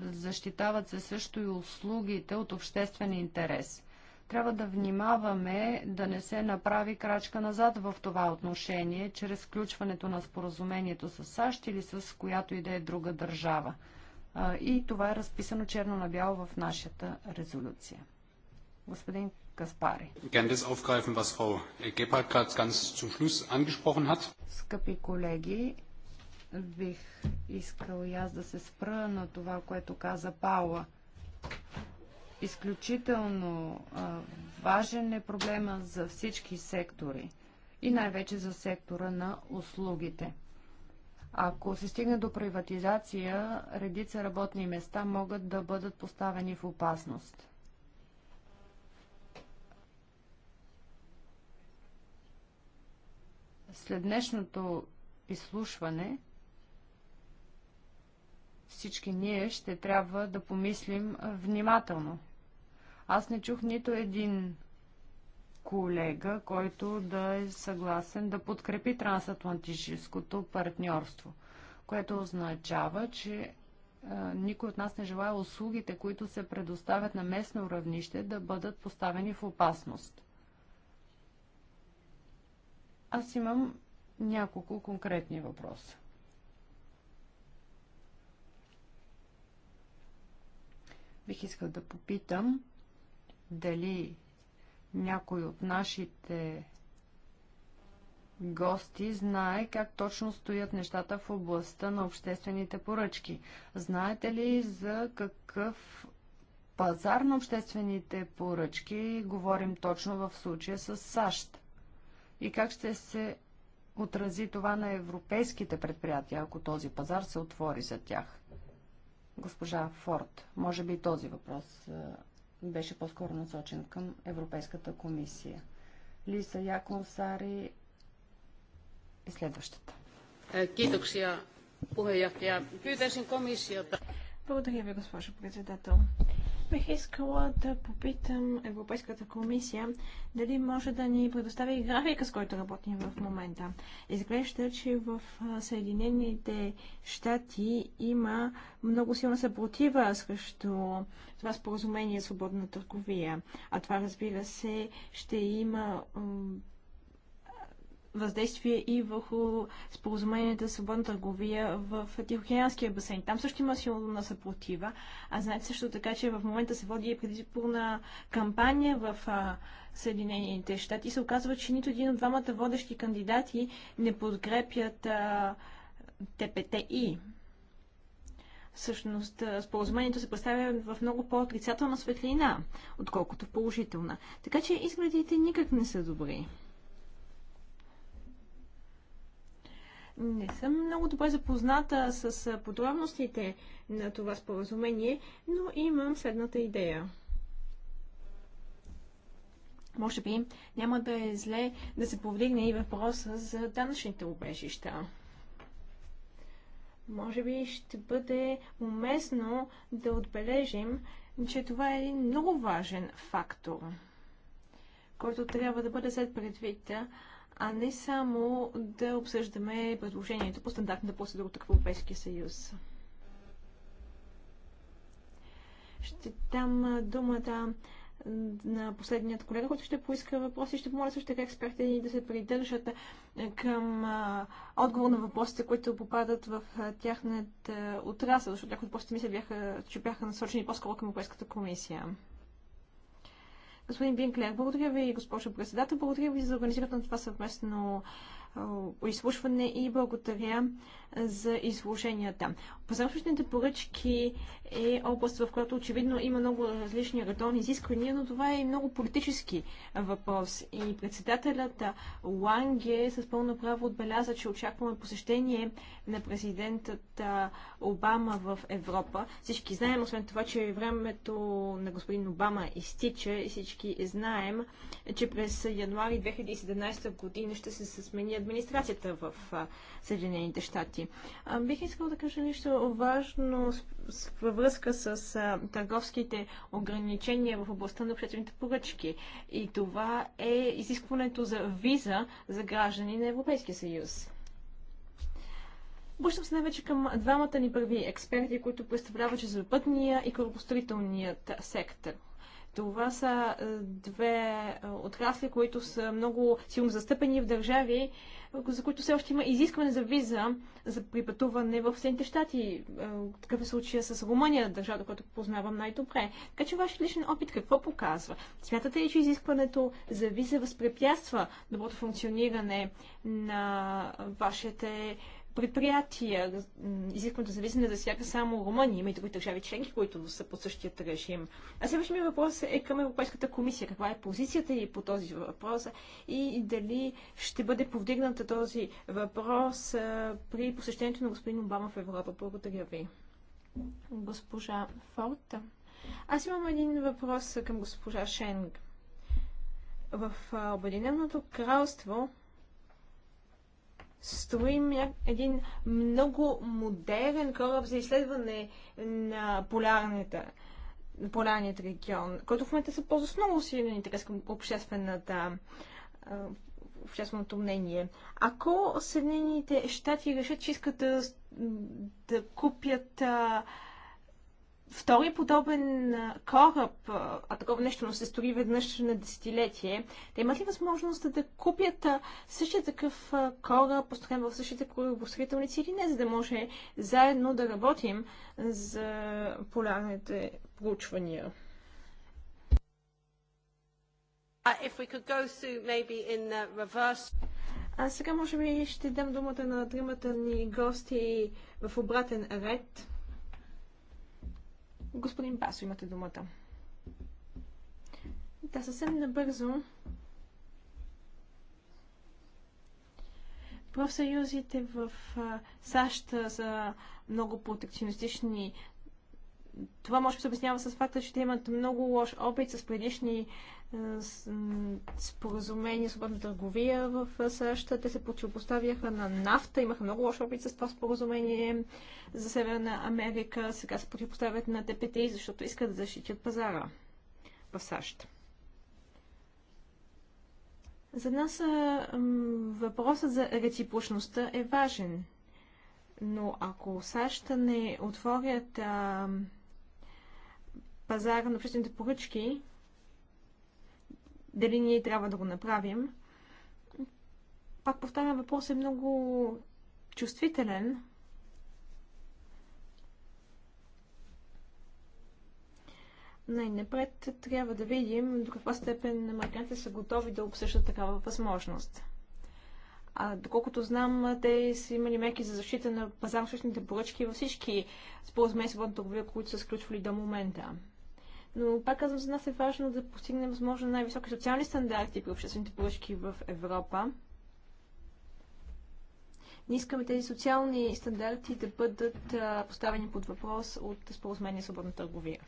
защитават се също и услугите от обществен интерес. Трябва да внимаваме да не се направи крачка назад в това отношение, чрез включването на споразумението с САЩ или с която и да е друга държава. И това е разписано черно на бяло в нашата резолюция. Господин Каспари. Скъпи колеги, бих искал и аз да се спра на това, което каза Паула. Изключително а, важен е проблема за всички сектори и най-вече за сектора на услугите. Ако се стигне до приватизация, редица работни места могат да бъдат поставени в опасност. След днешното изслушване, всички ние ще трябва да помислим внимателно. Аз не чух нито един колега, който да е съгласен да подкрепи трансатлантическото партньорство, което означава, че никой от нас не желая услугите, които се предоставят на местно равнище, да бъдат поставени в опасност. Аз имам няколко конкретни въпроса. Бих искал да попитам дали някой от нашите гости знае как точно стоят нещата в областта на обществените поръчки. Знаете ли за какъв пазар на обществените поръчки говорим точно в случая с САЩ? И как ще се отрази това на европейските предприятия, ако този пазар се отвори за тях? госпожа Форд. Може би този въпрос е, беше по-скоро насочен към Европейската комисия. Лиса Яконсари е следващата. Е, китоксия, puheenjohtaja. Pyytäisin комисията. Благодаря ви, госпожо председател бих искала да попитам Европейската комисия дали може да ни предостави графика, с който работим в момента. Изглежда, че в Съединените щати има много силна съпротива срещу това споразумение свободна търговия. А това, разбира се, ще има въздействие и върху споразуменията за свободна търговия в Тихоокеанския басейн. Там също има силна съпротива. А знаете също така, че в момента се води предизборна кампания в Съединените щати и се оказва, че нито един от двамата водещи кандидати не подкрепят ТПТИ. Всъщност, споразумението се представя в много по-отрицателна светлина, отколкото положителна. Така че изгледите никак не са добри. Не съм много добре запозната с подробностите на това споразумение, но имам следната идея. Може би няма да е зле да се повдигне и въпроса за данъчните убежища. Може би ще бъде уместно да отбележим, че това е един много важен фактор, който трябва да бъде след предвид а не само да обсъждаме предложението по стандартната процедура от Европейския съюз. Ще дам думата на последният колега, който ще поиска въпроси. Ще помоля също така експертите ни да се придържат към отговор на въпросите, които попадат в тяхната отрасъл, защото някои въпроси мисля, бяха, че бяха насочени по-скоро към Европейската комисия. Господин Бинклер, благодаря ви, госпожо председател. Благодаря ви за организирането на това съвместно изслушване и благодаря за изложенията. Посрещните поръчки е област, в която очевидно има много различни редовни изисквания, но това е и много политически въпрос. И председателят Ланге с пълно право отбеляза, че очакваме посещение на президентът Обама в Европа. Всички знаем, освен това, че времето на господин Обама изтича и всички знаем, че през януари 2017 година ще се сменят администрацията в Съединените щати. Бих искал да кажа нещо важно във връзка с търговските ограничения в областта на обществените поръчки. И това е изискването за виза за граждани на Европейския съюз. Обръщам се най-вече към двамата ни първи експерти, които представляват железопътния и корабостроителният сектор. Това са е, две е, отрасли, които са много силно застъпени в държави, за които все още има изискване за виза за припътуване в Съединените щати. Е, такъв е случая с Румъния, държавата, която познавам най-добре. Така че вашия личен опит какво показва? Смятате ли, че изискването за виза възпрепятства доброто функциониране на вашите предприятия. Изискването за виза засяга само Румъния, има и други държави членки, които са под същият режим. А следващия ми въпрос е към Европейската комисия. Каква е позицията и по този въпрос и дали ще бъде повдигната този въпрос при посещението на господин Обама в Европа? Благодаря ви. Госпожа Форта. Аз имам един въпрос към госпожа Шенг. В Обединеното кралство строим един много модерен кораб за изследване на полярната полярният регион, който в момента се ползва с много силен интерес към обществената общественото мнение. Ако Съединените щати решат, че искат да, да купят а, втори подобен кораб, а такова нещо но се стори веднъж на десетилетие, те имат ли възможност да купят същия такъв кораб, построен в същите корабостроителници или не, за да може заедно да работим за полярните проучвания? А сега може би ще дам думата на тримата ни гости в обратен ред. Господин Басо, имате думата. Да, съвсем набързо. Профсъюзите в САЩ са много протекционистични. Това може да се обяснява с факта, че те имат много лош опит с предишни е, споразумение свободна търговия в е, САЩ. Те се противопоставяха на нафта. Имаха много лош опит с това споразумение за Северна Америка. Сега се противопоставят на ТПТИ, защото искат да защитят пазара в САЩ. За нас е, въпросът за реципрочността е важен. Но ако САЩ не отворят а, пазара на обществените поръчки, дали ние трябва да го направим. Пак повтарям, въпрос е много чувствителен. Най-напред трябва да видим до каква степен американците са готови да обсъждат такава възможност. А, доколкото знам, те са имали меки за защита на пазарно поръчки във всички споразумения с които са сключвали до момента но пак казвам, за нас е важно да постигнем възможно най-високи социални стандарти при обществените поръчки в Европа. Не искаме тези социални стандарти да бъдат поставени под въпрос от споразумение свободна търговия.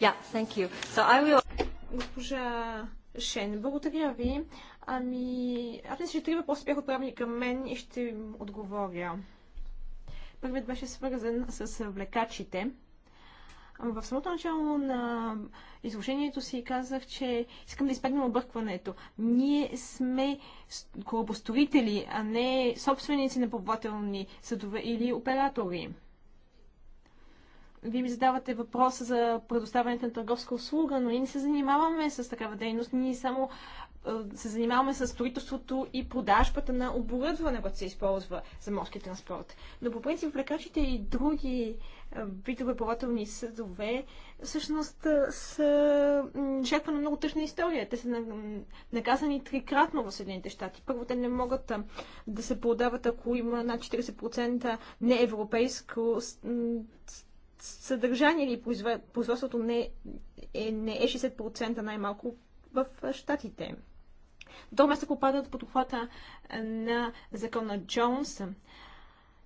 Yeah, so will... Госпожа Шен, благодаря ви. Ами, аз мисля, че три въпроса бяха отправени към мен и ще им отговоря. Първият беше свързан с влекачите. В самото начало на изложението си казах, че искам да избегнем объркването. Ние сме корабостроители, а не собственици на плавателни съдове или оператори. Вие ми задавате въпроса за предоставянето на търговска услуга, но ние не се занимаваме с такава дейност. Ние само се занимаваме с строителството и продажбата на оборудване, което се използва за морски транспорт. Но по принцип лекачите и други видове плавателни съдове всъщност са жертва на много тъжна история. Те са наказани трикратно в Съединените щати. Първо, те не могат да се продават, ако има над 40% неевропейско съдържание или производството не е, не е 60% най-малко в щатите до места попадат под обхвата на закона Джонс.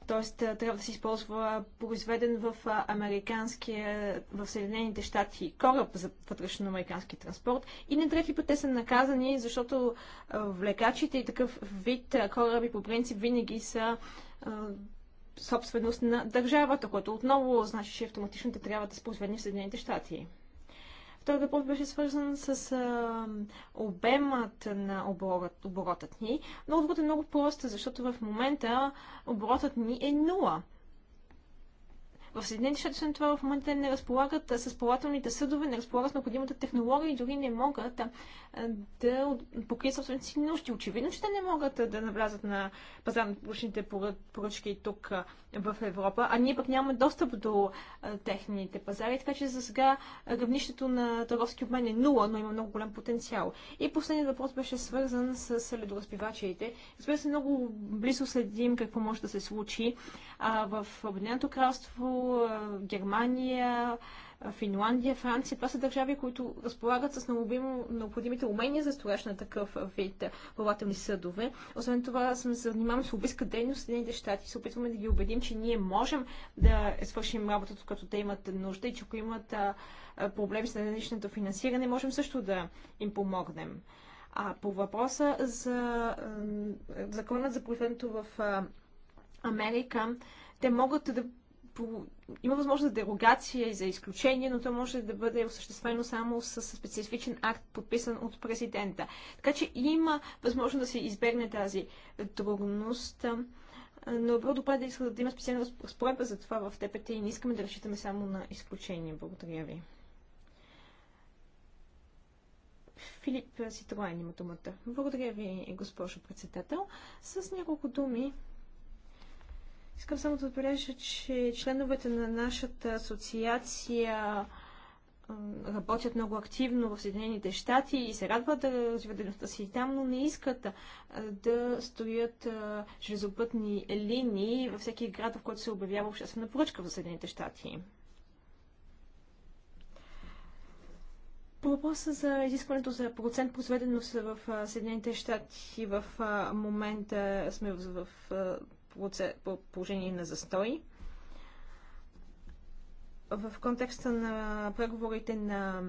Тоест, трябва да се използва произведен в американския, в Съединените щати кораб за вътрешноамерикански транспорт. И на трети път те са наказани, защото влекачите и такъв вид кораби по принцип винаги са собственост на държавата, което отново значи, че автоматично те трябва да са произведени в Съединените щати. Този въпрос беше свързан с а, обемът на оборот, оборотът ни. Но отговорът е много проста, защото в момента оборотът ни е нула. В Съединените щати, освен това, в момента не разполагат с плавателните съдове, не разполагат с необходимата технология и дори не могат да покрият собствените си нужди. Очевидно, че те не могат да навлязат на пазар на публичните поръчки тук в Европа, а ние пък нямаме достъп до техните пазари, така че за сега равнището на търговски обмен е нула, но има много голям потенциал. И последният въпрос беше свързан с ледоразпивачите. Разбира се, много близо следим какво може да се случи. А в Обединеното кралство Германия, Финландия, Франция. Това са държави, които разполагат с необходимите умения за строеж на такъв вид плавателни съдове. Освен това, съм се занимавам с лобистка дейност в Съединените щати. Се опитваме да ги убедим, че ние можем да свършим работата, като те имат нужда и че ако имат проблеми с наличното финансиране, можем също да им помогнем. А по въпроса за законът за производството в Америка, те могат да по... има възможност за дерогация и за изключение, но то може да бъде осъществено само с специфичен акт, подписан от президента. Така че има възможност да се избегне тази трудност. Но било добре да иска да има специална разпоредба за това в ТПТ и не искаме да разчитаме само на изключение. Благодаря ви. Филип Ситроен има думата. Благодаря ви, госпожо председател. С няколко думи Искам само да отбележа, че членовете на нашата асоциация работят много активно в Съединените щати и се радват да развиват дейността си там, но не искат да стоят железопътни линии във всеки град, в който се обявява обществена поръчка в Съединените щати. По въпроса за изискването за процент произведеност в Съединените щати в момента сме в, в, в положение на застой. В контекста на преговорите на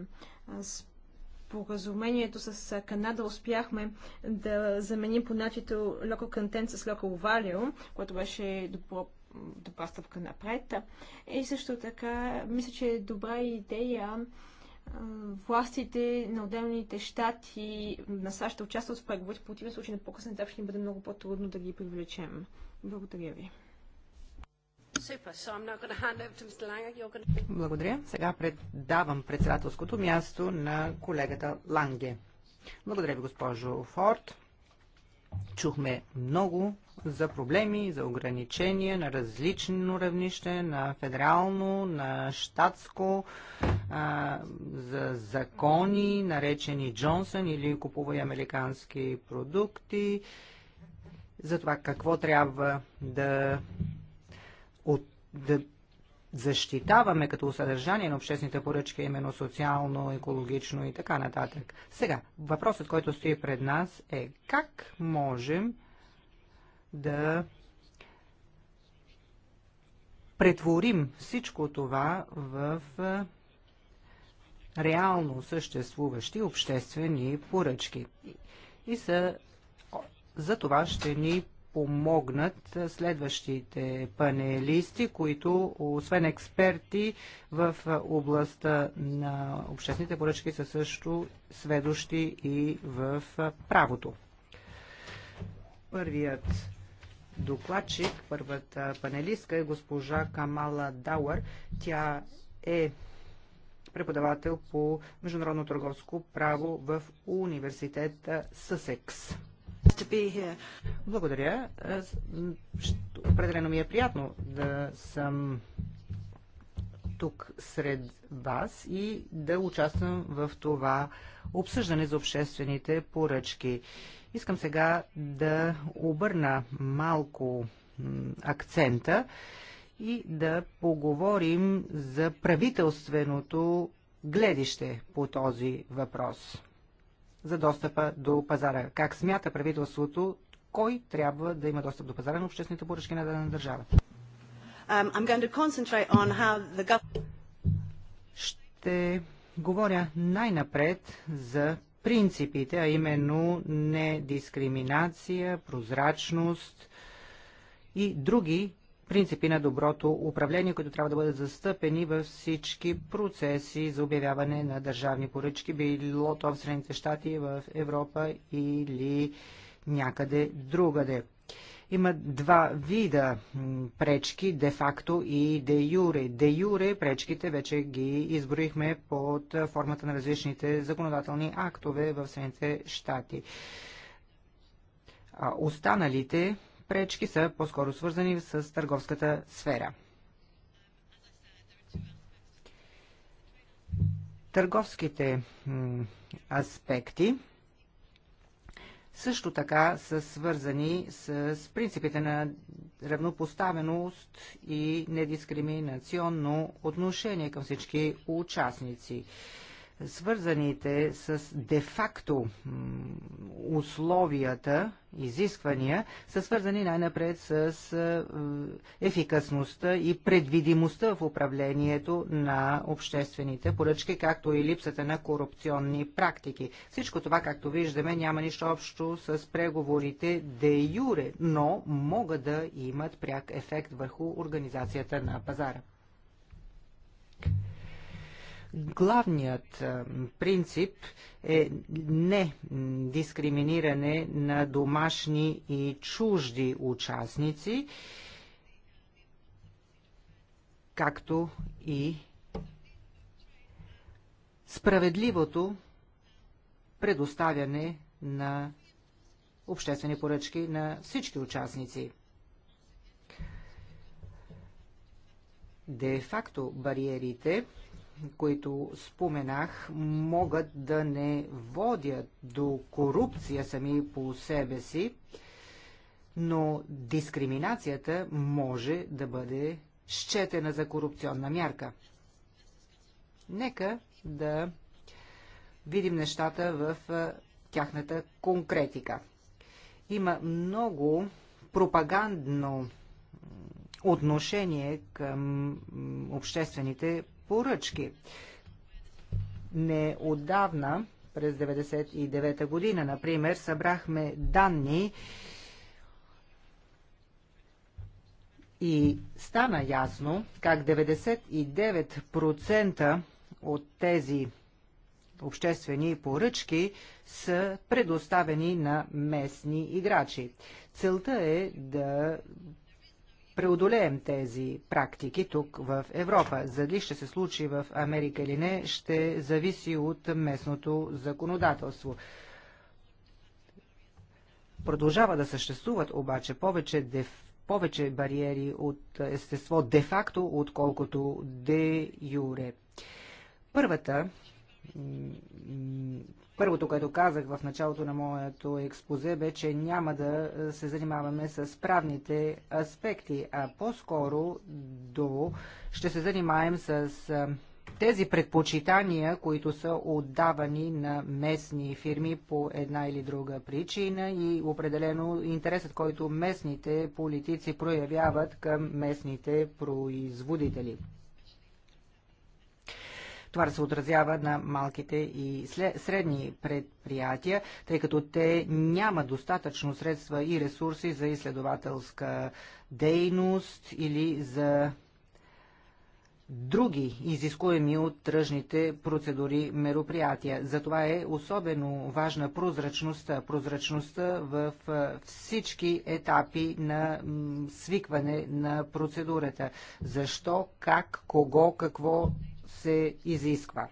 споразумението с Канада успяхме да заменим понятието Local Content с Local Value, което беше добро добра стъпка напред. И също така, мисля, че е добра идея властите на отделните щати на САЩ да участват в преговорите. В противен случай на по-късен етап ще ни бъде много по-трудно да ги привлечем. Благодаря ви. Благодаря. Сега предавам председателското място на колегата Ланге. Благодаря ви, госпожо Форд. Чухме много за проблеми, за ограничения на различно равнище, на федерално, на щатско, а, за закони, наречени Джонсън или купувай американски продукти. А, за това какво трябва да, от, да защитаваме като съдържание на обществените поръчки, именно социално, екологично и така нататък. Сега, въпросът, който стои пред нас е как можем да претворим всичко това в реално съществуващи обществени поръчки. И са за това ще ни помогнат следващите панелисти, които освен експерти в областта на обществените поръчки са също сведущи и в правото. Първият докладчик, първата панелистка е госпожа Камала Дауър. Тя е преподавател по международно търговско право в университета Съсекс to be here. Благодаря. Определено ми е приятно да съм тук сред вас и да участвам в това обсъждане за обществените поръчки. Искам сега да обърна малко акцента и да поговорим за правителственото гледище по този въпрос за достъпа до пазара. Как смята правителството, кой трябва да има достъп до пазара на обществените поръчки на дадена държава? Um, the... Ще говоря най-напред за принципите, а именно недискриминация, прозрачност и други принципи на доброто управление, които трябва да бъдат застъпени във всички процеси за обявяване на държавни поръчки, било то в Средните щати, в Европа или някъде другаде. Има два вида пречки, де-факто и де-юре. Де-юре пречките вече ги изброихме под формата на различните законодателни актове в Средните щати. останалите пречки са по-скоро свързани с търговската сфера. Търговските аспекти също така са свързани с принципите на равнопоставеност и недискриминационно отношение към всички участници свързаните с де-факто условията, изисквания, са свързани най-напред с е, ефикасността и предвидимостта в управлението на обществените поръчки, както и липсата на корупционни практики. Всичко това, както виждаме, няма нищо общо с преговорите де юре, но могат да имат пряк ефект върху организацията на пазара. Главният принцип е не дискриминиране на домашни и чужди участници, както и справедливото предоставяне на обществени поръчки на всички участници. Де факто бариерите които споменах, могат да не водят до корупция сами по себе си, но дискриминацията може да бъде щетена за корупционна мярка. Нека да видим нещата в тяхната конкретика. Има много пропагандно отношение към обществените поръчки. Неодавна, през през 1999 година, например, събрахме данни и стана ясно как 99% от тези обществени поръчки са предоставени на местни играчи. Целта е да преодолеем тези практики тук в Европа. За ще се случи в Америка или не, ще зависи от местното законодателство. Продължава да съществуват обаче повече, деф, повече бариери от естество де-факто, отколкото де-юре. Първата Първото, което казах в началото на моето експозе, бе, че няма да се занимаваме с правните аспекти, а по-скоро до ще се занимаем с тези предпочитания, които са отдавани на местни фирми по една или друга причина и определено интересът, който местните политици проявяват към местните производители. Това да се отразява на малките и средни предприятия, тъй като те няма достатъчно средства и ресурси за изследователска дейност или за други изискуеми от тръжните процедури мероприятия. Затова е особено важна прозрачността. Прозрачността в всички етапи на свикване на процедурата. Защо, как, кого, какво се изисква.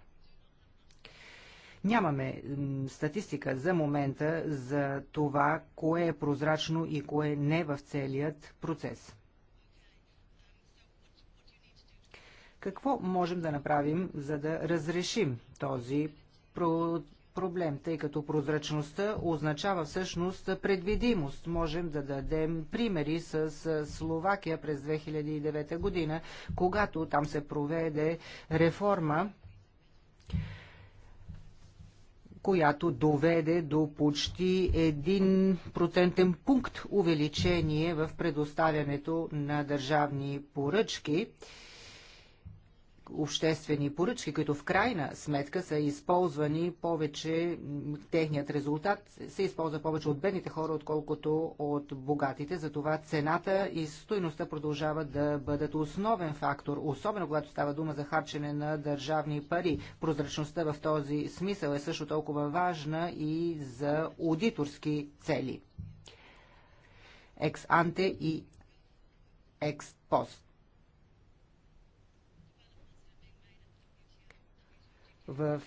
Нямаме статистика за момента за това, кое е прозрачно и кое не в целият процес. Какво можем да направим, за да разрешим този проблем, тъй като прозрачността означава всъщност предвидимост. Можем да дадем примери с Словакия през 2009 година, когато там се проведе реформа, която доведе до почти 1% пункт увеличение в предоставянето на държавни поръчки обществени поръчки, които в крайна сметка са използвани повече, техният резултат се използва повече от бедните хора, отколкото от богатите. Затова цената и стойността продължават да бъдат основен фактор, особено когато става дума за харчене на държавни пари. Прозрачността в този смисъл е също толкова важна и за аудиторски цели. Екс анте и екс пост. в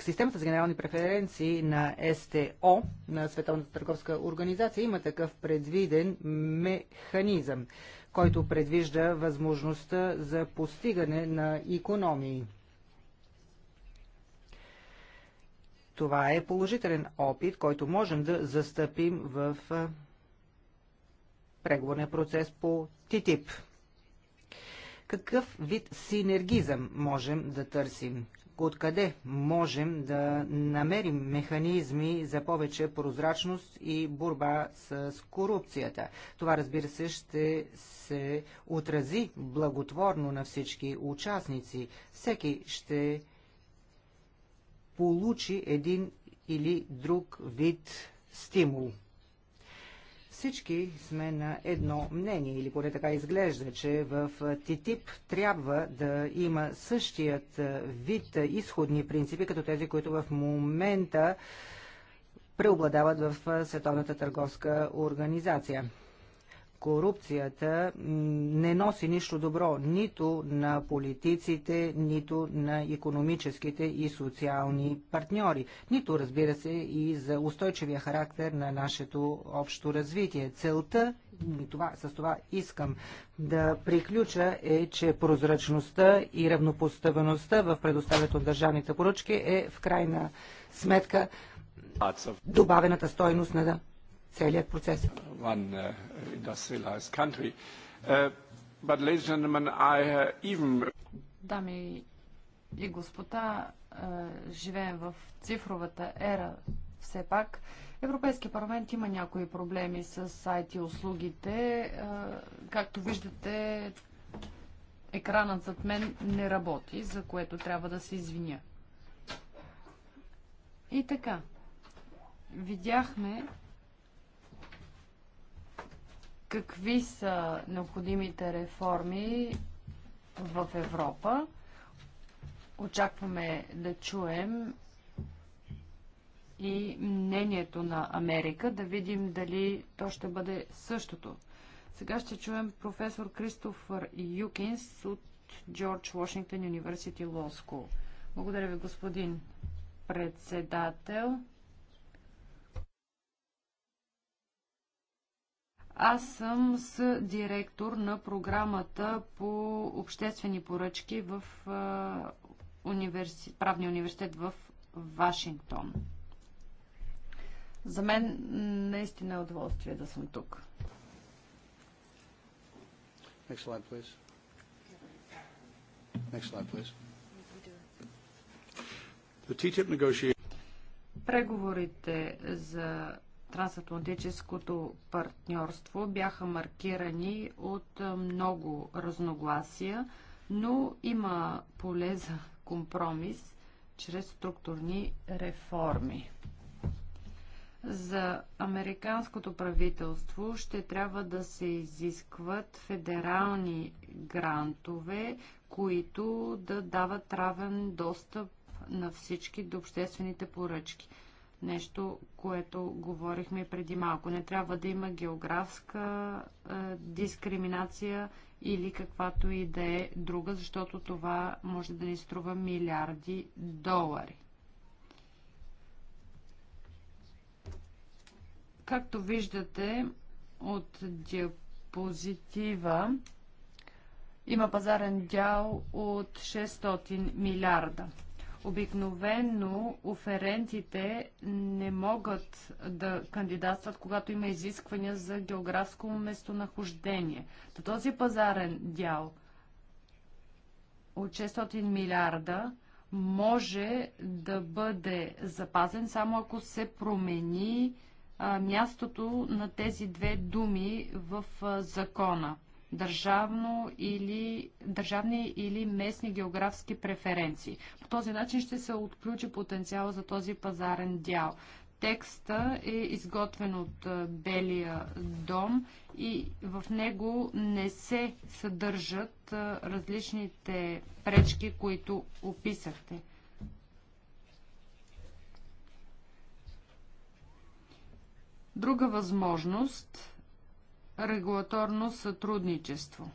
системата за генерални преференции на СТО, на Световната търговска организация, има такъв предвиден механизъм, който предвижда възможността за постигане на економии. Това е положителен опит, който можем да застъпим в преговорния процес по ТИТИП. Какъв вид синергизъм можем да търсим? Откъде можем да намерим механизми за повече прозрачност и борба с корупцията? Това, разбира се, ще се отрази благотворно на всички участници. Всеки ще получи един или друг вид стимул всички сме на едно мнение, или поне така изглежда, че в ТИТИП трябва да има същият вид изходни принципи, като тези, които в момента преобладават в Световната търговска организация корупцията не носи нищо добро нито на политиците, нито на економическите и социални партньори, нито разбира се и за устойчивия характер на нашето общо развитие. Целта, и това, с това искам да приключа, е, че прозрачността и равнопоставеността в предоставянето на държавните поръчки е в крайна сметка добавената стойност на целият процес. One, uh, uh, uh, even... Дами и господа, uh, живеем в цифровата ера все пак. Европейския парламент има някои проблеми с сайти услугите. Uh, както виждате, екранът зад мен не работи, за което трябва да се извиня. И така, видяхме, какви са необходимите реформи в Европа. Очакваме да чуем и мнението на Америка, да видим дали то ще бъде същото. Сега ще чуем професор Кристофър Юкинс от Джордж Вашингтон University Law School. Благодаря ви, господин председател. Аз съм с директор на програмата по обществени поръчки в универси... правния университет в Вашингтон. За мен наистина е удоволствие да съм тук. Next slide, please. Next slide, please. The TTIP negotiation... Преговорите за трансатлантическото партньорство бяха маркирани от много разногласия, но има поле за компромис чрез структурни реформи. За американското правителство ще трябва да се изискват федерални грантове, които да дават равен достъп на всички до обществените поръчки – Нещо, което говорихме преди малко. Не трябва да има географска е, дискриминация или каквато и да е друга, защото това може да ни струва милиарди долари. Както виждате от диапозитива, има пазарен дял от 600 милиарда. Обикновено оферентите не могат да кандидатстват, когато има изисквания за географско местонахождение. До този пазарен дял от 600 милиарда може да бъде запазен само ако се промени а, мястото на тези две думи в а, закона държавно или, държавни или местни географски преференции. По този начин ще се отключи потенциал за този пазарен дял. Текста е изготвен от Белия дом и в него не се съдържат различните пречки, които описахте. Друга възможност регулаторно сътрудничество.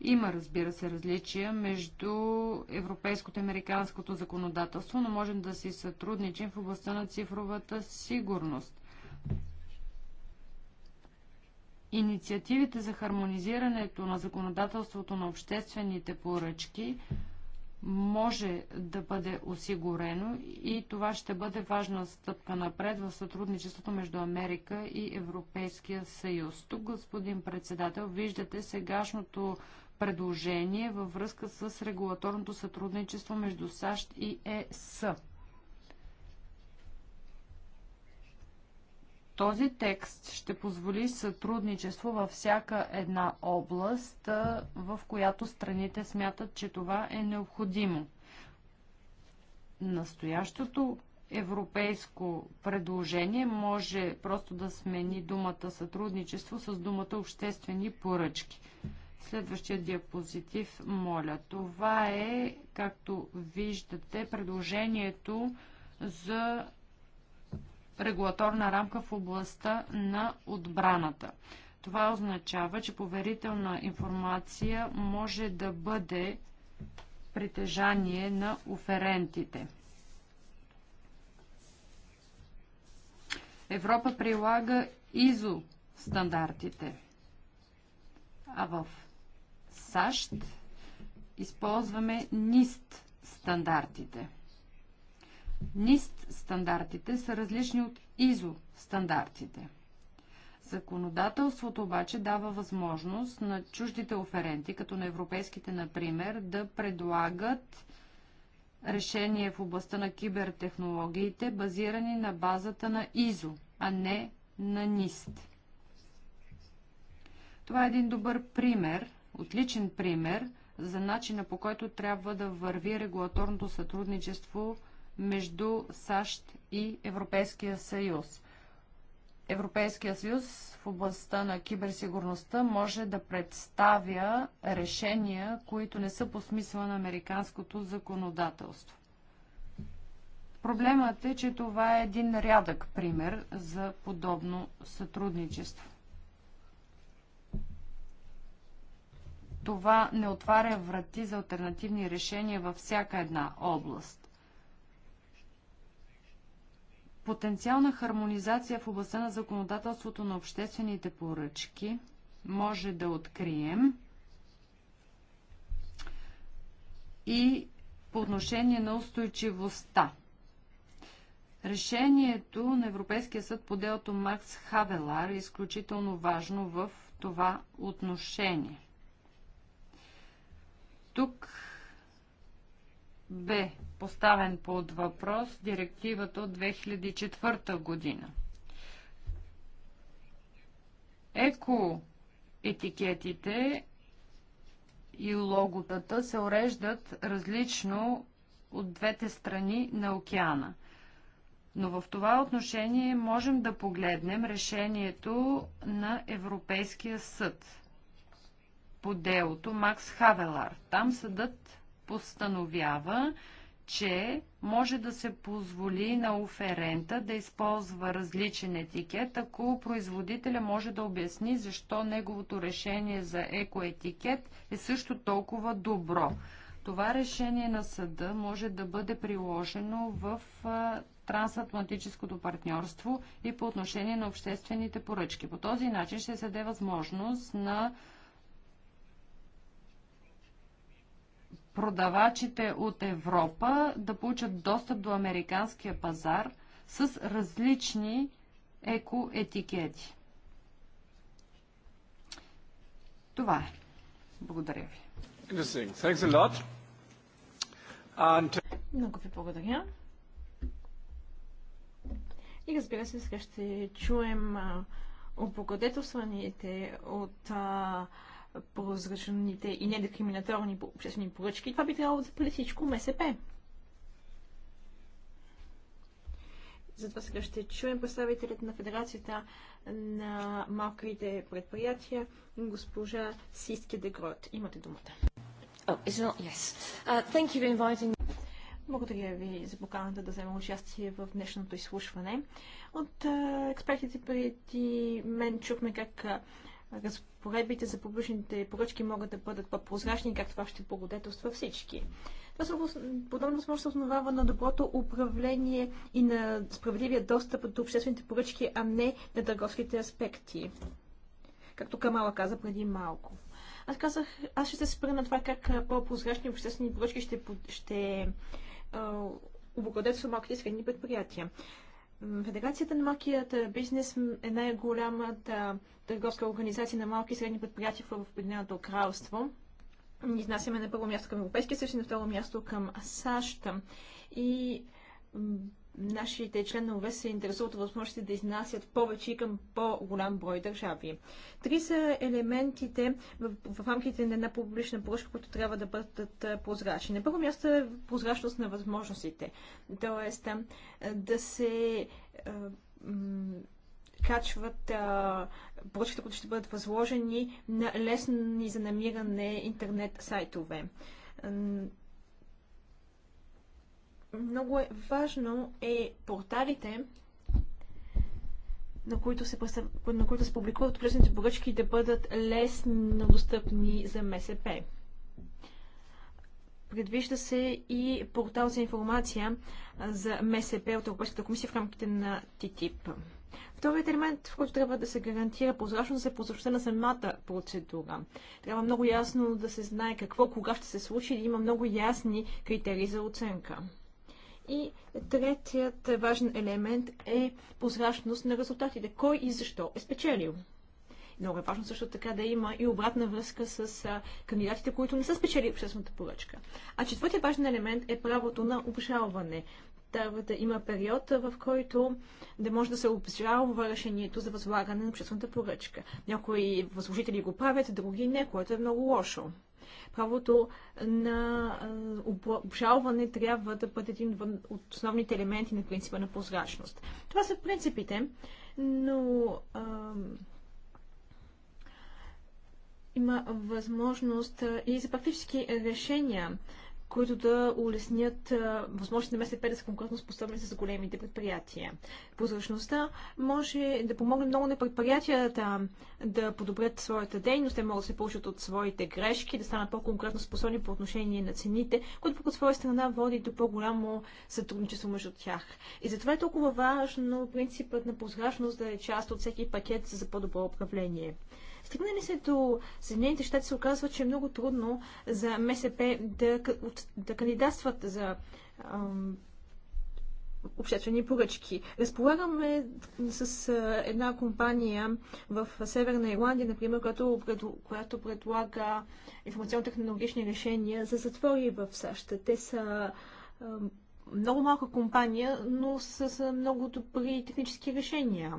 Има, разбира се, различия между европейското и американското законодателство, но можем да си сътрудничим в областта на цифровата сигурност. Инициативите за хармонизирането на законодателството на обществените поръчки – може да бъде осигурено и това ще бъде важна стъпка напред в сътрудничеството между Америка и Европейския съюз. Тук, господин председател, виждате сегашното предложение във връзка с регулаторното сътрудничество между САЩ и ЕС. Този текст ще позволи сътрудничество във всяка една област, в която страните смятат, че това е необходимо. Настоящото европейско предложение може просто да смени думата сътрудничество с думата обществени поръчки. Следващия диапозитив, моля. Това е, както виждате, предложението за регулаторна рамка в областта на отбраната. Това означава, че поверителна информация може да бъде притежание на оферентите. Европа прилага ИЗО стандартите, а в САЩ използваме НИСТ стандартите. НИСТ стандартите са различни от ИЗО стандартите. Законодателството обаче дава възможност на чуждите оференти, като на европейските, например, да предлагат решение в областта на кибертехнологиите, базирани на базата на ИЗО, а не на НИСТ. Това е един добър пример, отличен пример за начина по който трябва да върви регулаторното сътрудничество – между САЩ и Европейския съюз. Европейския съюз в областта на киберсигурността може да представя решения, които не са по смисъла на американското законодателство. Проблемът е, че това е един рядък пример за подобно сътрудничество. Това не отваря врати за альтернативни решения във всяка една област. Потенциална хармонизация в областта на законодателството на обществените поръчки може да открием и по отношение на устойчивостта. Решението на Европейския съд по делото Макс Хавелар е изключително важно в това отношение. Тук бе поставен под въпрос директивата от 2004 година. Еко етикетите и логотата се уреждат различно от двете страни на океана. Но в това отношение можем да погледнем решението на Европейския съд по делото Макс Хавелар. Там съдът постановява, че може да се позволи на оферента да използва различен етикет, ако производителя може да обясни защо неговото решение за екоетикет е също толкова добро. Това решение на съда може да бъде приложено в трансатлантическото партньорство и по отношение на обществените поръчки. По този начин ще се даде възможност на продавачите от Европа да получат достъп до американския пазар с различни екоетикети. Това е. Благодаря ви. Много ви благодаря. И разбира се, сега ще чуем облагодетелстваните от а, прозрачните и недискриминаторни обществени поръчки. Това би трябвало да преди всичко МСП. Затова сега ще чуем представителят на Федерацията на малките предприятия, госпожа Систки Дегрот. Имате думата. Oh, not... yes. uh, inviting... Благодаря ви за поканата да взема участие в днешното изслушване. От uh, експертите преди мен чухме как разпоредбите за публичните поръчки могат да бъдат по-прозрачни, както това ще благодетелства всички. Това подобно възможност се основава на доброто управление и на справедливия достъп до обществените поръчки, а не на търговските аспекти. Както Камала каза преди малко. Аз казах, аз ще се спра на това как по-прозрачни обществени поръчки ще, ще облагодетелства малките средни предприятия. Федерацията на малкият бизнес е най-голямата търговска организация на малки и средни предприятия в Обединеното кралство. Изнасяме на първо място към Европейския съюз и на второ място към САЩ. И нашите членове се интересуват от възможности да изнасят повече и към по-голям брой държави. Три са елементите в, в рамките на една публична поръчка, които трябва да бъдат прозрачни. На първо място е прозрачност на възможностите, т.е. да се качват поръчките, които ще бъдат възложени на лесни за намиране интернет сайтове много е важно е порталите, на които се, на които се публикуват отключените поръчки, да бъдат лесно достъпни за МСП. Предвижда се и портал за информация за МСП от Европейската комисия в рамките на ТТИП. Вторият елемент, в който трябва да се гарантира прозрачност, е прозрачността на самата процедура. Трябва много ясно да се знае какво, кога ще се случи и да има много ясни критерии за оценка. И третият важен елемент е прозрачност на резултатите. Кой и защо е спечелил? Много е важно също така да има и обратна връзка с кандидатите, които не са спечели обществената поръчка. А четвъртият важен елемент е правото на обжалване. Трябва да има период, в който да може да се обжалва решението за възлагане на обществената поръчка. Някои възложители го правят, други не, което е много лошо правото на обжалване трябва да бъде един от основните елементи на принципа на прозрачност. Това са принципите, но има възможност и за практически решения които да улеснят възможности на МСП да са конкретно способни с големите предприятия. Прозрачността може да помогне много на предприятията да подобрят своята дейност, те могат да се получат от своите грешки, да станат по-конкретно способни по отношение на цените, които по от своя страна води до по-голямо сътрудничество между тях. И затова е толкова важно принципът на прозрачност да е част от всеки пакет за по-добро управление. Стигнали се до Съединените щати се оказва, че е много трудно за МСП да, да кандидатстват за ам, обществени поръчки. Разполагаме с а, една компания в Северна Ирландия, например, която, която предлага информационно-технологични решения за затвори в САЩ. Те са ам, много малка компания, но с много добри технически решения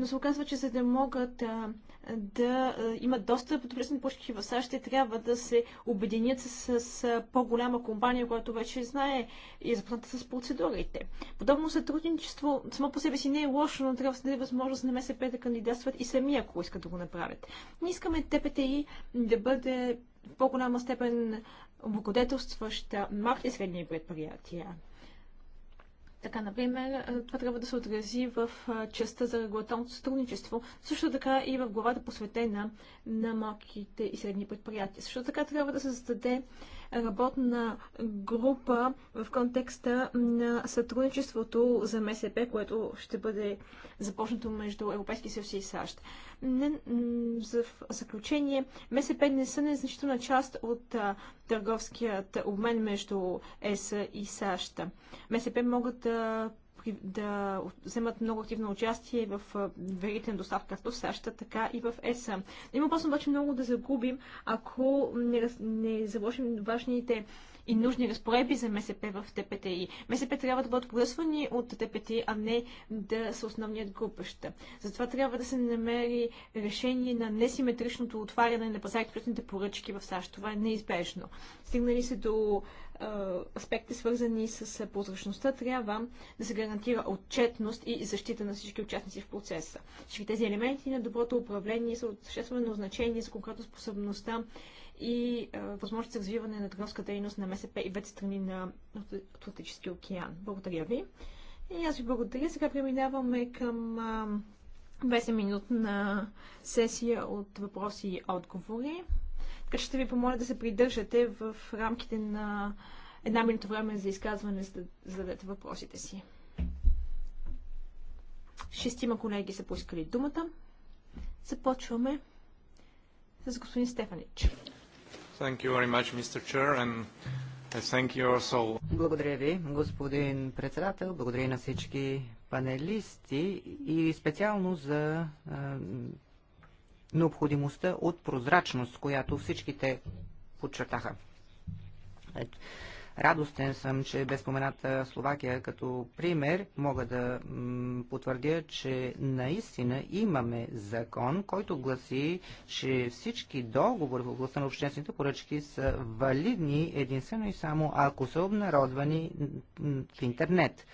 но се оказва, че за да могат а, да а, имат доста до лесни в САЩ, те трябва да се обединят с, с по-голяма компания, която вече знае и е запозната с процедурите. Подобно сътрудничество само по себе си не е лошо, но трябва да се даде възможност на МСП да кандидатстват и сами, ако искат да го направят. Ние искаме ТПТИ да бъде в по-голяма степен облагодетелстваща малки и средни предприятия. Така, например, е, това трябва да се отрази в е, частта за регулаторното сътрудничество, също така и в главата посветена на малките и средни предприятия. Също така трябва да се създаде работна група в контекста на сътрудничеството за МСП, което ще бъде започнато между Европейски съюз и САЩ. Не, за заключение, МСП не са незначителна част от а, търговският обмен между ЕС и САЩ. МСП могат да да вземат много активно участие в верите на доставка в САЩ, така и в ЕСА. има опасно обаче много да загубим, ако не, не заложим важните и нужни разпоредби за МСП в ТПТИ. МСП трябва да бъдат поръсвани от ТПТИ, а не да са основният групаща. Затова трябва да се намери решение на несиметричното отваряне на пазарите поръчки в САЩ. Това е неизбежно. Стигнали се до аспекти, свързани с прозрачността, трябва да се гарантира отчетност и защита на всички участници в процеса. Всички тези елементи на доброто управление са от съществено значение за конкретно способността и възможност за развиване на търговска дейност на МСП и двете страни на Атлантическия океан. Благодаря ви. И аз ви благодаря. Сега преминаваме към 20-минутна сесия от въпроси и отговори. Така ще ви помоля да се придържате в рамките на една минута време за изказване, за да зададете въпросите си. Шестима колеги са поискали думата. Започваме с господин Стефанич. Благодаря ви, господин председател. Благодаря на всички панелисти и специално за е, необходимостта от прозрачност, която всичките подчертаха. Ето. Радостен съм, че без спомената Словакия като пример мога да потвърдя, че наистина имаме закон, който гласи, че всички договори в областта на обществените поръчки са валидни единствено и само ако са обнародвани в интернет.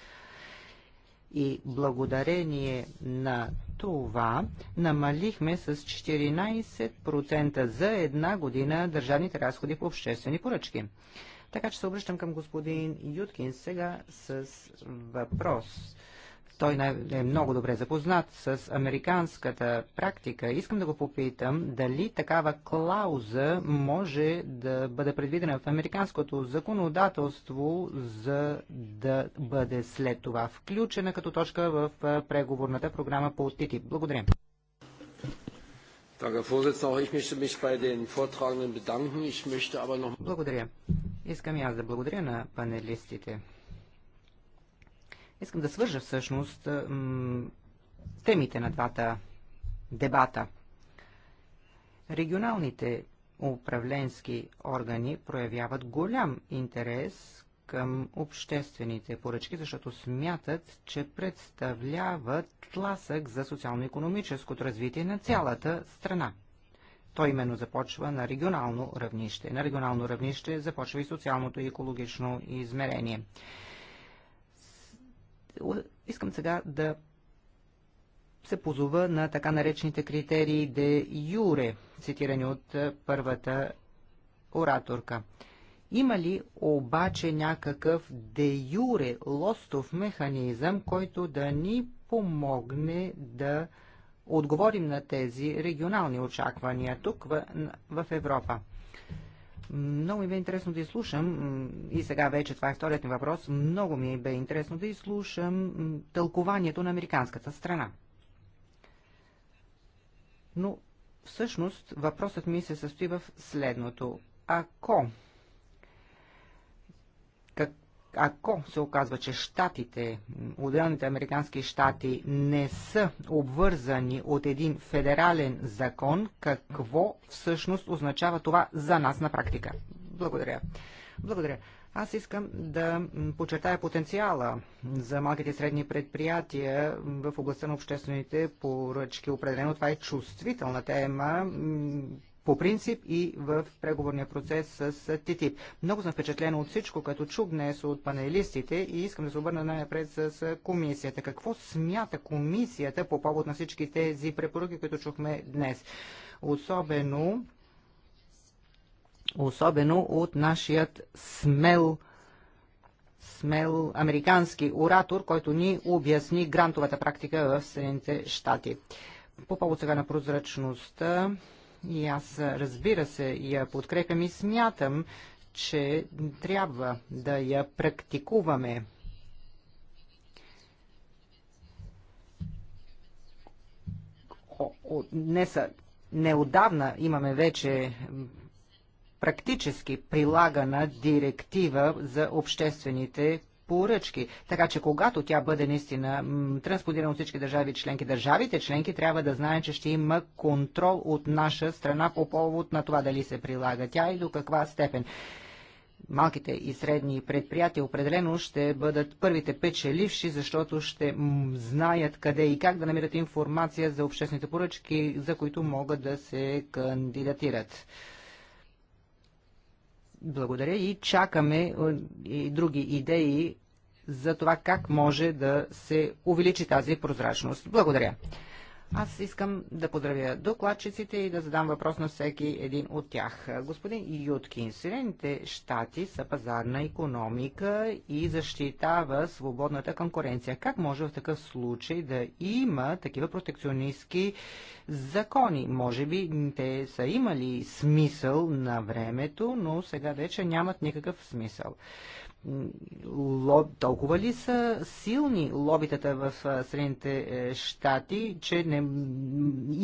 И благодарение на това намалихме с 14% за една година държавните разходи по обществени поръчки. Така че се обръщам към господин Юткин сега с въпрос. Той е много добре запознат с американската практика. Искам да го попитам дали такава клауза може да бъде предвидена в американското законодателство, за да бъде след това включена като точка в преговорната програма по ТТИП. Благодаря. Благодаря. Искам и аз да благодаря на панелистите. Искам да свържа всъщност темите на двата дебата. Регионалните управленски органи проявяват голям интерес към обществените поръчки, защото смятат, че представляват тласък за социално-економическото развитие на цялата страна. Той именно започва на регионално равнище. На регионално равнище започва и социалното и екологично измерение. Искам сега да се позова на така наречените критерии де юре, цитирани от първата ораторка. Има ли обаче някакъв де юре лостов механизъм, който да ни помогне да отговорим на тези регионални очаквания тук в, в Европа? Много ми бе интересно да изслушам, и сега вече това е вторият ми въпрос, много ми бе интересно да изслушам тълкованието на американската страна. Но всъщност въпросът ми се състои в следното. Ако как, ако се оказва, че щатите, отделните американски щати не са обвързани от един федерален закон, какво всъщност означава това за нас на практика? Благодаря. Благодаря. Аз искам да подчертая потенциала за малките и средни предприятия в областта на обществените поръчки. Определено това е чувствителна тема по принцип и в преговорния процес с ТТИП. Много съм впечатлен от всичко, като чух днес от панелистите и искам да се обърна най-напред с комисията. Какво смята комисията по повод на всички тези препоръки, които чухме днес? Особено, особено от нашият смел смел американски оратор, който ни обясни грантовата практика в Съединените щати. По повод сега на прозрачността, и аз, разбира се, я подкрепям и смятам, че трябва да я практикуваме. Днеса неодавна имаме вече практически прилагана директива за обществените поръчки. Така че когато тя бъде наистина транспонирана от всички държави членки, държавите членки трябва да знаят, че ще има контрол от наша страна по повод на това дали се прилага тя и до каква степен малките и средни предприятия определено ще бъдат първите печеливши, защото ще знаят къде и как да намерят информация за обществените поръчки, за които могат да се кандидатират. Благодаря и чакаме е, и други идеи за това как може да се увеличи тази прозрачност. Благодаря. Аз искам да поздравя докладчиците и да задам въпрос на всеки един от тях. Господин Юткин, Съединените щати са пазарна економика и защитава свободната конкуренция. Как може в такъв случай да има такива протекционистки закони? Може би те са имали смисъл на времето, но сега вече нямат никакъв смисъл лоб, толкова ли са силни лобитата в Средните е, щати, че не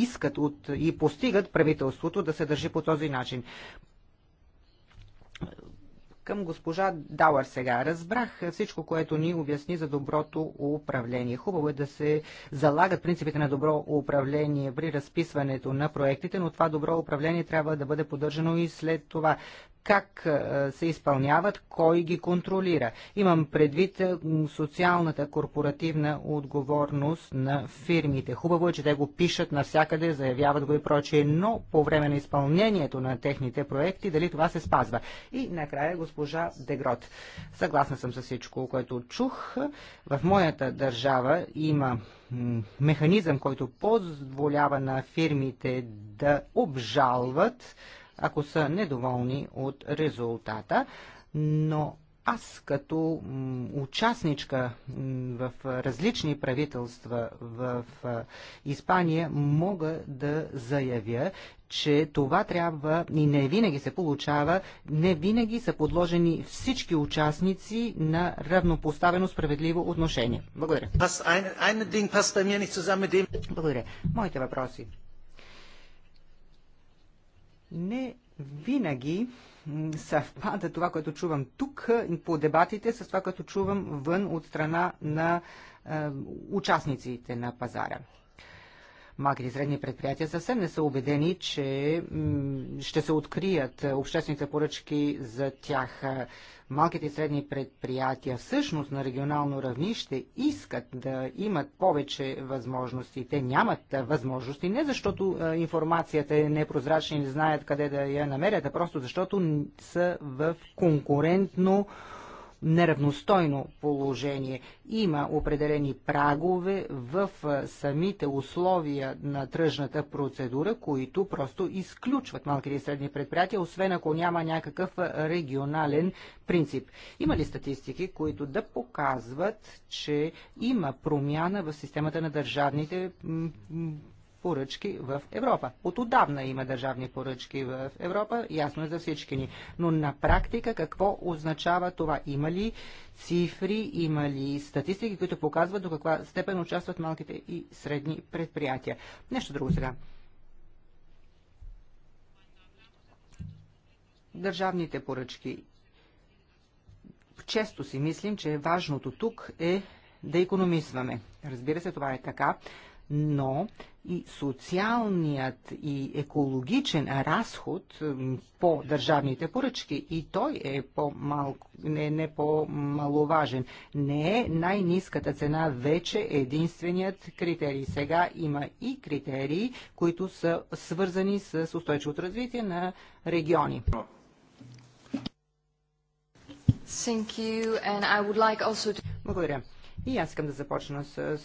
искат от, и постигат правителството да се държи по този начин? Към госпожа Дауър сега. Разбрах всичко, което ни обясни за доброто управление. Хубаво е да се залагат принципите на добро управление при разписването на проектите, но това добро управление трябва да бъде поддържано и след това как се изпълняват, кой ги контролира. Имам предвид социалната корпоративна отговорност на фирмите. Хубаво е, че те го пишат навсякъде, заявяват го и прочее, но по време на изпълнението на техните проекти, дали това се спазва. И накрая госпожа Дегрот. Съгласна съм с всичко, което чух. В моята държава има механизъм, който позволява на фирмите да обжалват ако са недоволни от резултата, но аз като участничка в различни правителства в Испания мога да заявя, че това трябва и не винаги се получава, не винаги са подложени всички участници на равнопоставено справедливо отношение. Благодаря. Благодаря. Моите въпроси не винаги съвпада това, което чувам тук по дебатите с това, което чувам вън от страна на е, участниците на пазара малките и средни предприятия съвсем не са убедени, че ще се открият е, обществените поръчки за тях. Е, малките и средни предприятия всъщност на регионално равнище искат да имат повече възможности. Те нямат е, възможности не защото информацията е непрозрачна и не знаят къде да я намерят, а просто защото са в конкурентно неравностойно положение. Има определени прагове в самите условия на тръжната процедура, които просто изключват малките и средни предприятия, освен ако няма някакъв регионален принцип. Има ли статистики, които да показват, че има промяна в системата на държавните поръчки в Европа. От отдавна има държавни поръчки в Европа, ясно е за всички ни. Но на практика какво означава това? Има ли цифри, има ли статистики, които показват до каква степен участват малките и средни предприятия? Нещо друго сега. Държавните поръчки. Често си мислим, че важното тук е да економисваме. Разбира се, това е така, но и социалният и екологичен разход по държавните поръчки и той е по мал, не, не по-маловажен. Не е най-низката цена вече е единственият критерий. Сега има и критерии, които са свързани с устойчивото развитие на региони. Like also... Благодаря. И аз искам да започна с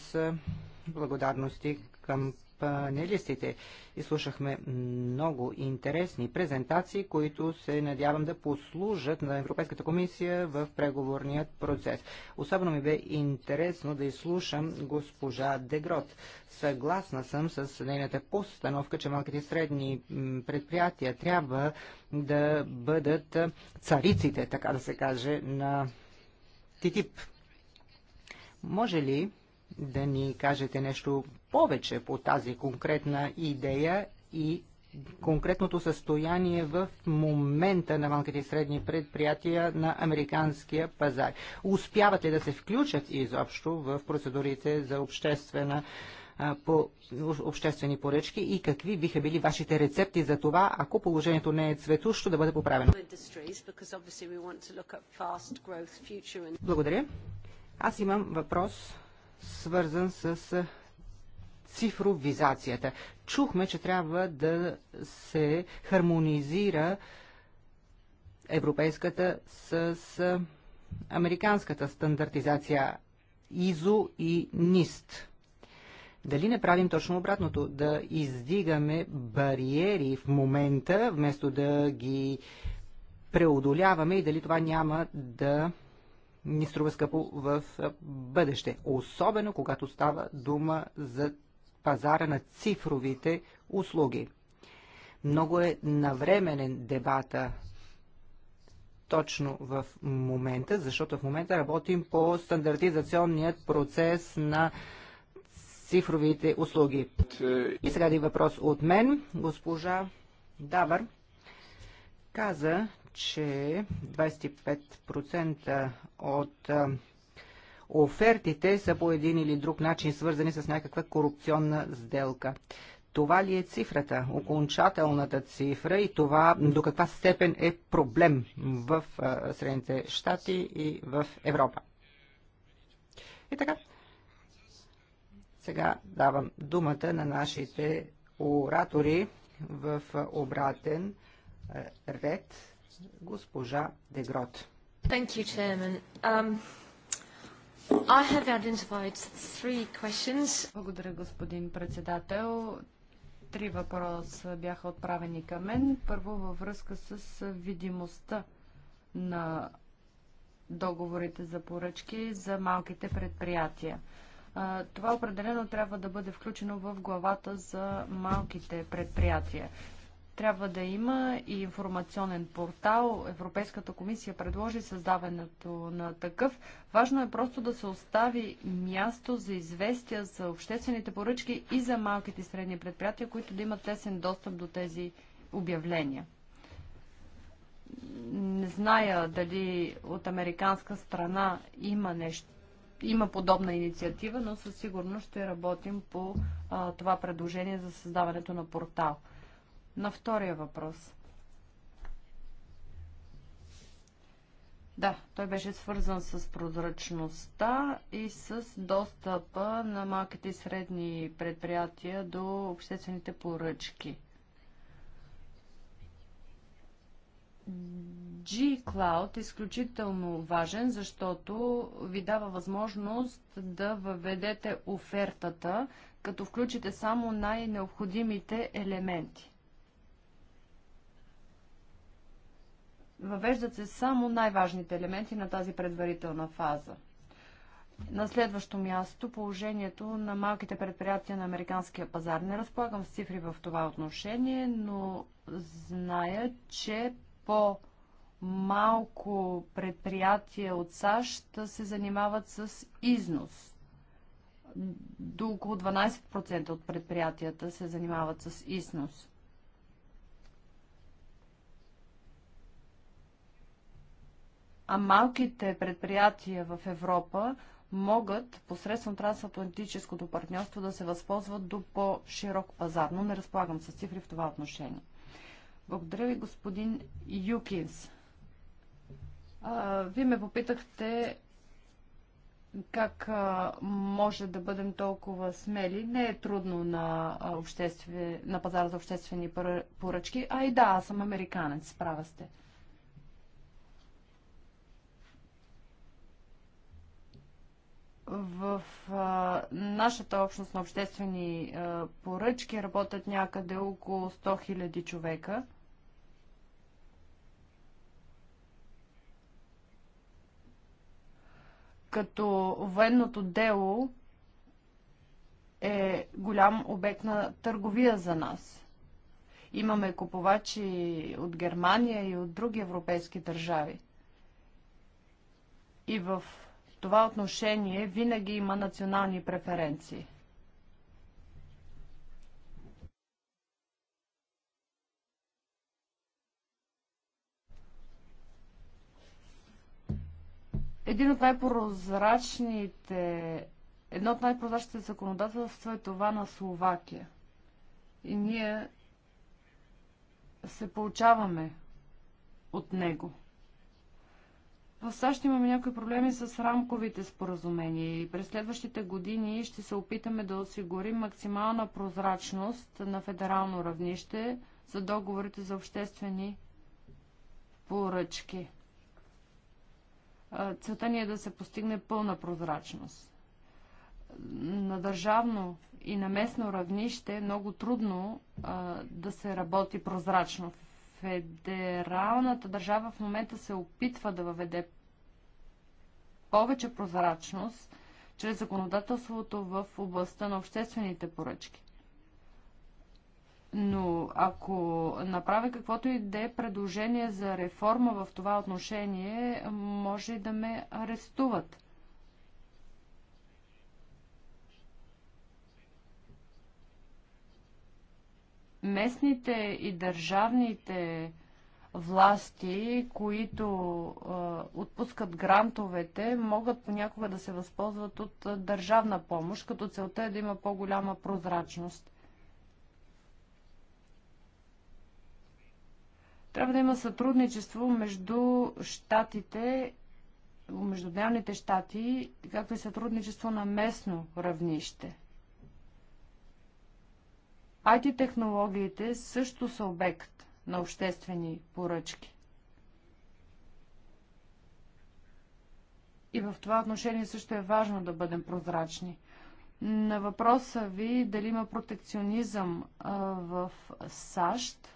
благодарности към панелистите. И слушахме много интересни презентации, които се надявам да послужат на Европейската комисия в преговорният процес. Особено ми бе интересно да изслушам госпожа Дегрот. Съгласна съм с нейната постановка, че малките и средни предприятия трябва да бъдат цариците, така да се каже, на ТИТИП. Може ли да ни кажете нещо повече по тази конкретна идея и конкретното състояние в момента на малките и средни предприятия на американския пазар. Успявате да се включат изобщо в процедурите за обществена по обществени поръчки и какви биха били вашите рецепти за това, ако положението не е цветущо, да бъде поправено? Благодаря. Аз имам въпрос свързан с цифровизацията. Чухме, че трябва да се хармонизира европейската с американската стандартизация ИЗО и НИСТ. Дали не правим точно обратното? Да издигаме бариери в момента, вместо да ги преодоляваме и дали това няма да ни струва скъпо в бъдеще. Особено когато става дума за пазара на цифровите услуги. Много е навременен дебата точно в момента, защото в момента работим по стандартизационният процес на цифровите услуги. И сега един въпрос от мен. Госпожа Давър каза, че 25% от офертите са по един или друг начин свързани с някаква корупционна сделка. Това ли е цифрата, окончателната цифра и това до каква степен е проблем в Средните щати и в Европа? И така, сега давам думата на нашите оратори в обратен ред госпожа Дегрот. Thank you, Chairman. Um, I have identified three questions. Благодаря, господин председател. Три въпроса бяха отправени към мен. Първо във връзка с видимостта на договорите за поръчки за малките предприятия. Това определено трябва да бъде включено в главата за малките предприятия. Трябва да има и информационен портал. Европейската комисия предложи създаването на такъв. Важно е просто да се остави място за известия за обществените поръчки и за малките и средни предприятия, които да имат тесен достъп до тези обявления. Не зная дали от американска страна има нещо има подобна инициатива, но със сигурност ще работим по а, това предложение за създаването на портал. На втория въпрос. Да, той беше свързан с прозрачността и с достъпа на малките и средни предприятия до обществените поръчки. G-Cloud е изключително важен, защото ви дава възможност да въведете офертата, като включите само най-необходимите елементи. Въвеждат се само най-важните елементи на тази предварителна фаза. На следващо място положението на малките предприятия на американския пазар. Не разполагам с цифри в това отношение, но зная, че по малко предприятия от САЩ се занимават с износ. До около 12% от предприятията се занимават с износ. а малките предприятия в Европа могат посредством трансатлантическото партньорство да се възползват до по-широк пазар, но не разполагам с цифри в това отношение. Благодаря ви, господин Юкинс. А, вие ме попитахте как а, може да бъдем толкова смели. Не е трудно на, обществе, на пазара за обществени поръчки. А и да, аз съм американец, справя сте. в а, нашата общност на обществени а, поръчки работят някъде около 100 000 човека. Като военното дело е голям обект на търговия за нас. Имаме купувачи от Германия и от други европейски държави. И в това отношение винаги има национални преференции. Един от най-прозрачните, едно от най-прозрачните законодателства е това на Словакия. И ние се получаваме от него. В САЩ имаме някои проблеми с рамковите споразумения и през следващите години ще се опитаме да осигурим максимална прозрачност на федерално равнище за договорите за обществени поръчки. Целта ни е да се постигне пълна прозрачност. На държавно и на местно равнище е много трудно а, да се работи прозрачно в федералната държава в момента се опитва да въведе повече прозрачност чрез законодателството в областта на обществените поръчки. Но ако направя каквото и да е предложение за реформа в това отношение, може и да ме арестуват. местните и държавните власти, които а, отпускат грантовете, могат понякога да се възползват от а, държавна помощ, като целта е да има по-голяма прозрачност. Трябва да има сътрудничество между щатите, между отделните щати, както и сътрудничество на местно равнище. IT-технологиите също са обект на обществени поръчки. И в това отношение също е важно да бъдем прозрачни. На въпроса ви дали има протекционизъм в САЩ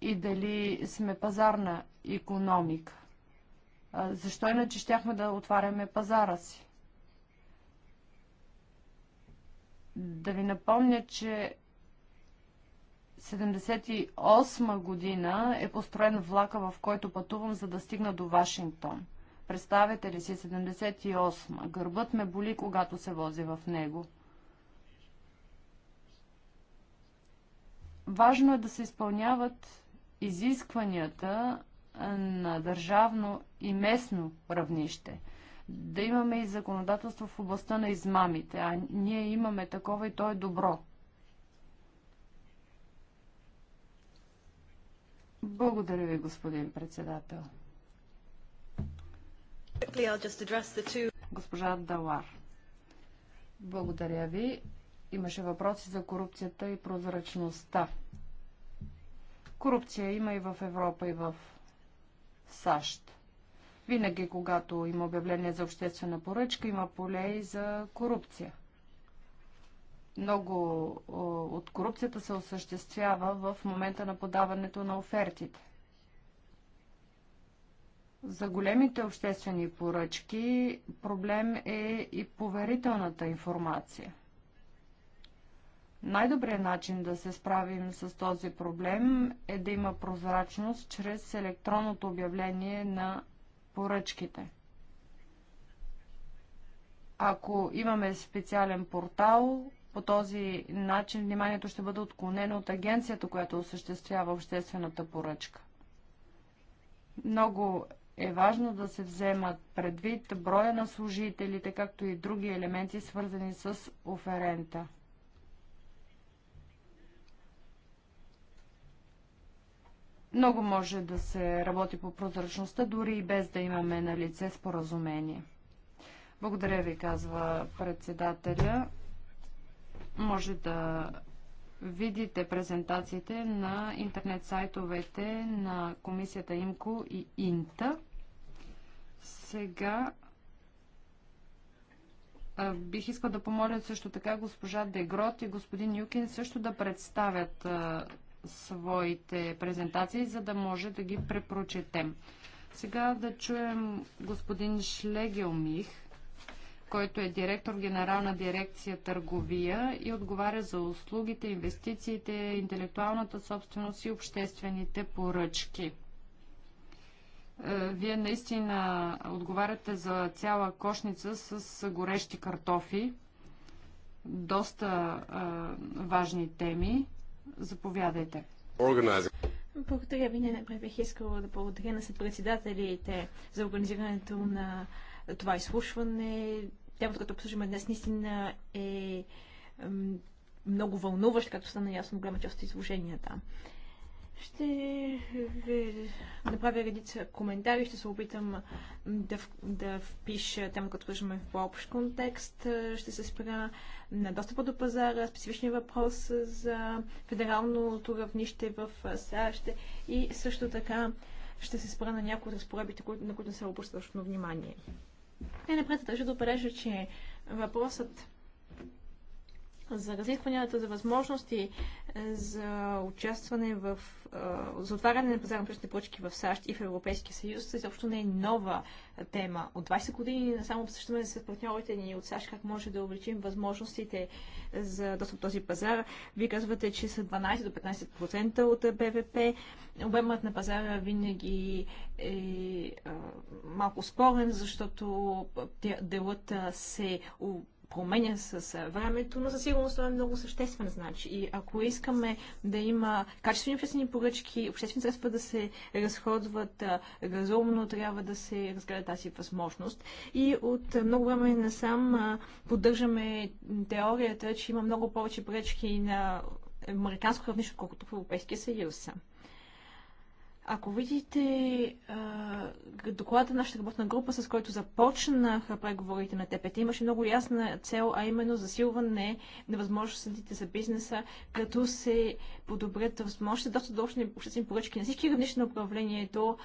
и дали сме пазарна економика. Защо иначе щяхме да отваряме пазара си? Да ви напомня, че 78 година е построен влака, в който пътувам, за да стигна до Вашингтон. Представете ли си 78 Гърбът ме боли, когато се вози в него. Важно е да се изпълняват изискванията на държавно и местно равнище – да имаме и законодателство в областта на измамите, а ние имаме такова и то е добро. Благодаря ви, господин председател. Госпожа Далар. Благодаря ви. Имаше въпроси за корупцията и прозрачността. Корупция има и в Европа, и в САЩ. Винаги, когато има обявление за обществена поръчка, има поле и за корупция. Много от корупцията се осъществява в момента на подаването на офертите. За големите обществени поръчки проблем е и поверителната информация. Най-добрият начин да се справим с този проблем е да има прозрачност чрез електронното обявление на поръчките. Ако имаме специален портал, по този начин вниманието ще бъде отклонено от агенцията, която осъществява обществената поръчка. Много е важно да се вземат предвид броя на служителите, както и други елементи, свързани с оферента. Много може да се работи по прозрачността, дори и без да имаме на лице споразумение. Благодаря ви, казва председателя. Може да видите презентациите на интернет сайтовете на комисията ИМКО и ИНТА. Сега бих искал да помоля също така госпожа Дегрот и господин Юкин също да представят своите презентации, за да може да ги препрочетем. Сега да чуем господин Шлегелмих, който е директор генерална дирекция търговия и отговаря за услугите, инвестициите, интелектуалната собственост и обществените поръчки. Е, вие наистина отговаряте за цяла кошница с горещи картофи, доста а, е, важни теми. Заповядайте. Благодаря ви. не напред бих искала да благодаря на съпредседателите за организирането на това изслушване. Темата, като обсъждаме днес, наистина е много вълнуващ, както стана ясно голяма част от изложенията. Ще ви направя редица коментари, ще се опитам да, да впиша там, като кажем в по-общ контекст. Ще се спра на достъпа до пазара, специфични въпрос за федералното равнище в САЩ и също така ще се спра на някои от разпоредбите, на които не се обръща внимание. Най-напред държа да опережа, че въпросът за разискванията, за възможности е, за участване в, е, за отваряне на пазарно на пръстни в САЩ и в Европейския съюз, изобщо не е нова тема. От 20 години само обсъщаме с партньорите ни от САЩ как може да увеличим възможностите за достъп до този пазар. Вие казвате, че са 12 до 15% от БВП. Обемът на пазара винаги е, е малко спорен, защото делът се променя с времето, но със сигурност това е много съществен значи. И ако искаме да има качествени обществени поръчки, обществени средства да се разходват разумно, трябва да се разгледа тази възможност. И от много време насам поддържаме теорията, че има много повече пречки на американско равнище, колкото в Европейския съюз. Ако видите а, доклада на нашата работна група, с който започнаха преговорите на ТПТ, имаше много ясна цел, а именно засилване на възможностите за бизнеса, като се подобрят възможности доста дължни обществени поръчки на всички равнища на управлението,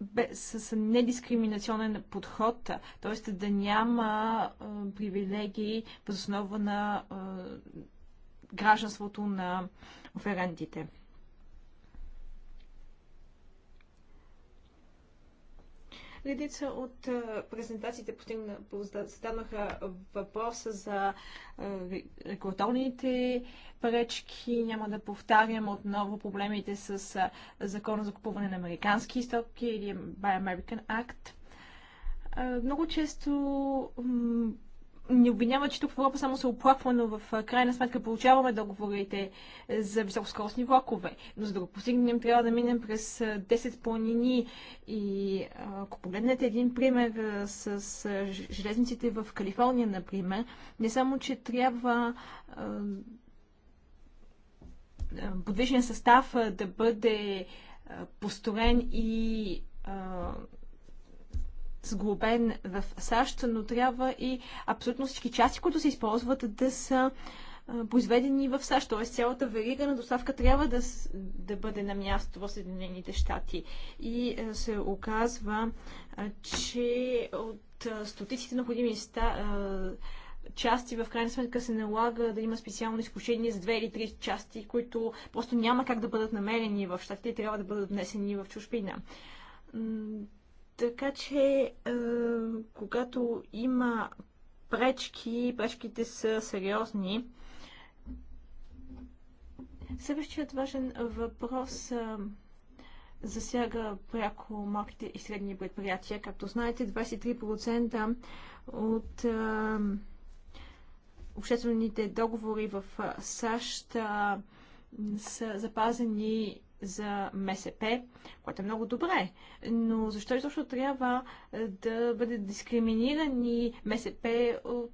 без, с недискриминационен подход, т.е. да няма а, привилегии възоснова основа на а, гражданството на оферентите. Редица от презентациите зададоха въпроса за регулаторните пречки. Няма да повтарям отново проблемите с закона за купуване на американски стоки или Buy American Act. Много често не обвинява, че тук в Европа само се оплаква, но в крайна сметка получаваме договорите за високоскоростни влакове. Но за да го постигнем, трябва да минем през 10 планини. И ако погледнете един пример с железниците в Калифорния, например, не само, че трябва подвижен състав да бъде построен и сглобен в САЩ, но трябва и абсолютно всички части, които се използват, да са произведени в САЩ. Тоест, цялата верига на доставка трябва да, да бъде на място в Съединените щати. И се оказва, че от стотиците необходими ста, части в крайна сметка се налага да има специално изключение за две или три части, които просто няма как да бъдат намерени в щатите и трябва да бъдат внесени в чужбина така че, е, когато има пречки, пречките са сериозни. Следващият важен въпрос е, засяга пряко малките и средни предприятия. Както знаете, 23% от е, обществените договори в САЩ са запазени за МСП, което е много добре, но защо изобщо трябва е, да бъде дискриминирани МСП от